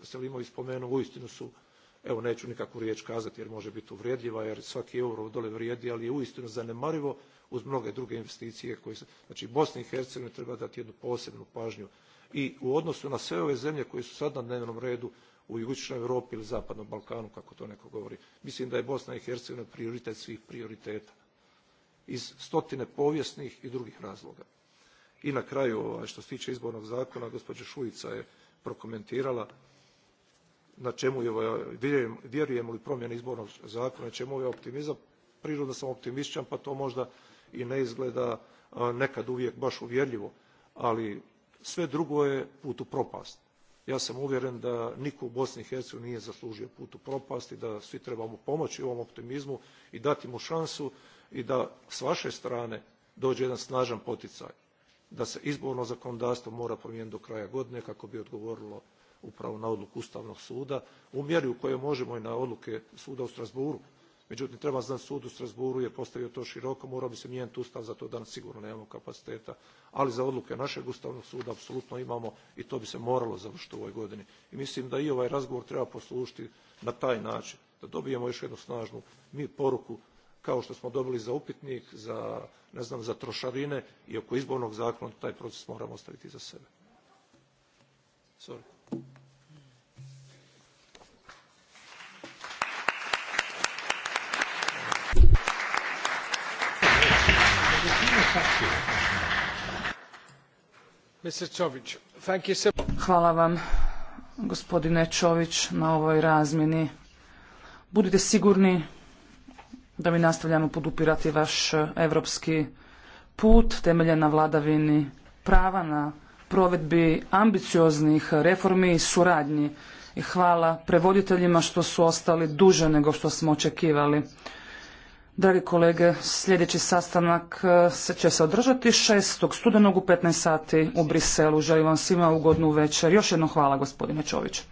B: Selimović spomenuo, uistinu su evo neću nikakvu riječ kazati jer može biti uvrijedljiva jer svaki euro dole vrijedi, ali je uistinu zanemarivo uz mnoge druge investicije koje se... Znači Bosni i Hercegovini treba dati jednu posebnu pažnju i u odnosu na sve ove zemlje koje su sad na dnevnom redu u jugoistočnoj Europi ili zapadnom Balkanu, kako to neko govori. Mislim da je Bosna i Hercegovina prioritet svih prioriteta iz stotine povijesnih i drugih razloga. I na kraju, ovaj, što se tiče izbornog zakona, gospođa Šuica je prokomentirala na čemu je, vjerujem, vjerujemo li promjene izbornog zakona, čemu je optimizam. Prirodno sam optimističan pa to možda i ne izgleda nekad uvijek baš uvjerljivo, ali sve drugo je put u propast. Ja sam uvjeren da niko u Bosni i Hercegovini nije zaslužio put u propast i da svi trebamo pomoći ovom optimizmu i dati mu šansu i da s vaše strane dođe jedan snažan poticaj da se izborno zakonodavstvo mora promijeniti do kraja godine kako bi odgovorilo upravo na odluku Ustavnog suda, u mjeri u kojoj možemo i na odluke suda u Strasburu. Međutim, treba znati sud u Strasburu je postavio to široko, morao bi se mijenjati Ustav, za to danas sigurno nemamo kapaciteta, ali za odluke našeg Ustavnog suda apsolutno imamo i to bi se moralo završiti u ovoj godini. I mislim da i ovaj razgovor treba poslušiti na taj način, da dobijemo još jednu snažnu mi poruku kao što smo dobili za upitnik, za, ne znam, za trošarine i oko izbornog zakona, taj proces moramo ostaviti za sebe.
F: Hvala vam, gospodine Čović, na ovoj razmjeni Budite sigurni da mi nastavljamo podupirati vaš evropski put temeljen na vladavini prava, na provedbi ambicioznih reformi i suradnji. I hvala prevoditeljima što su ostali duže nego što smo očekivali. Dragi kolege, sljedeći sastanak e, će se održati 6. studenog u 15 sati u Briselu. Želim vam svima ugodnu večer. Još jednom hvala gospodine Čović.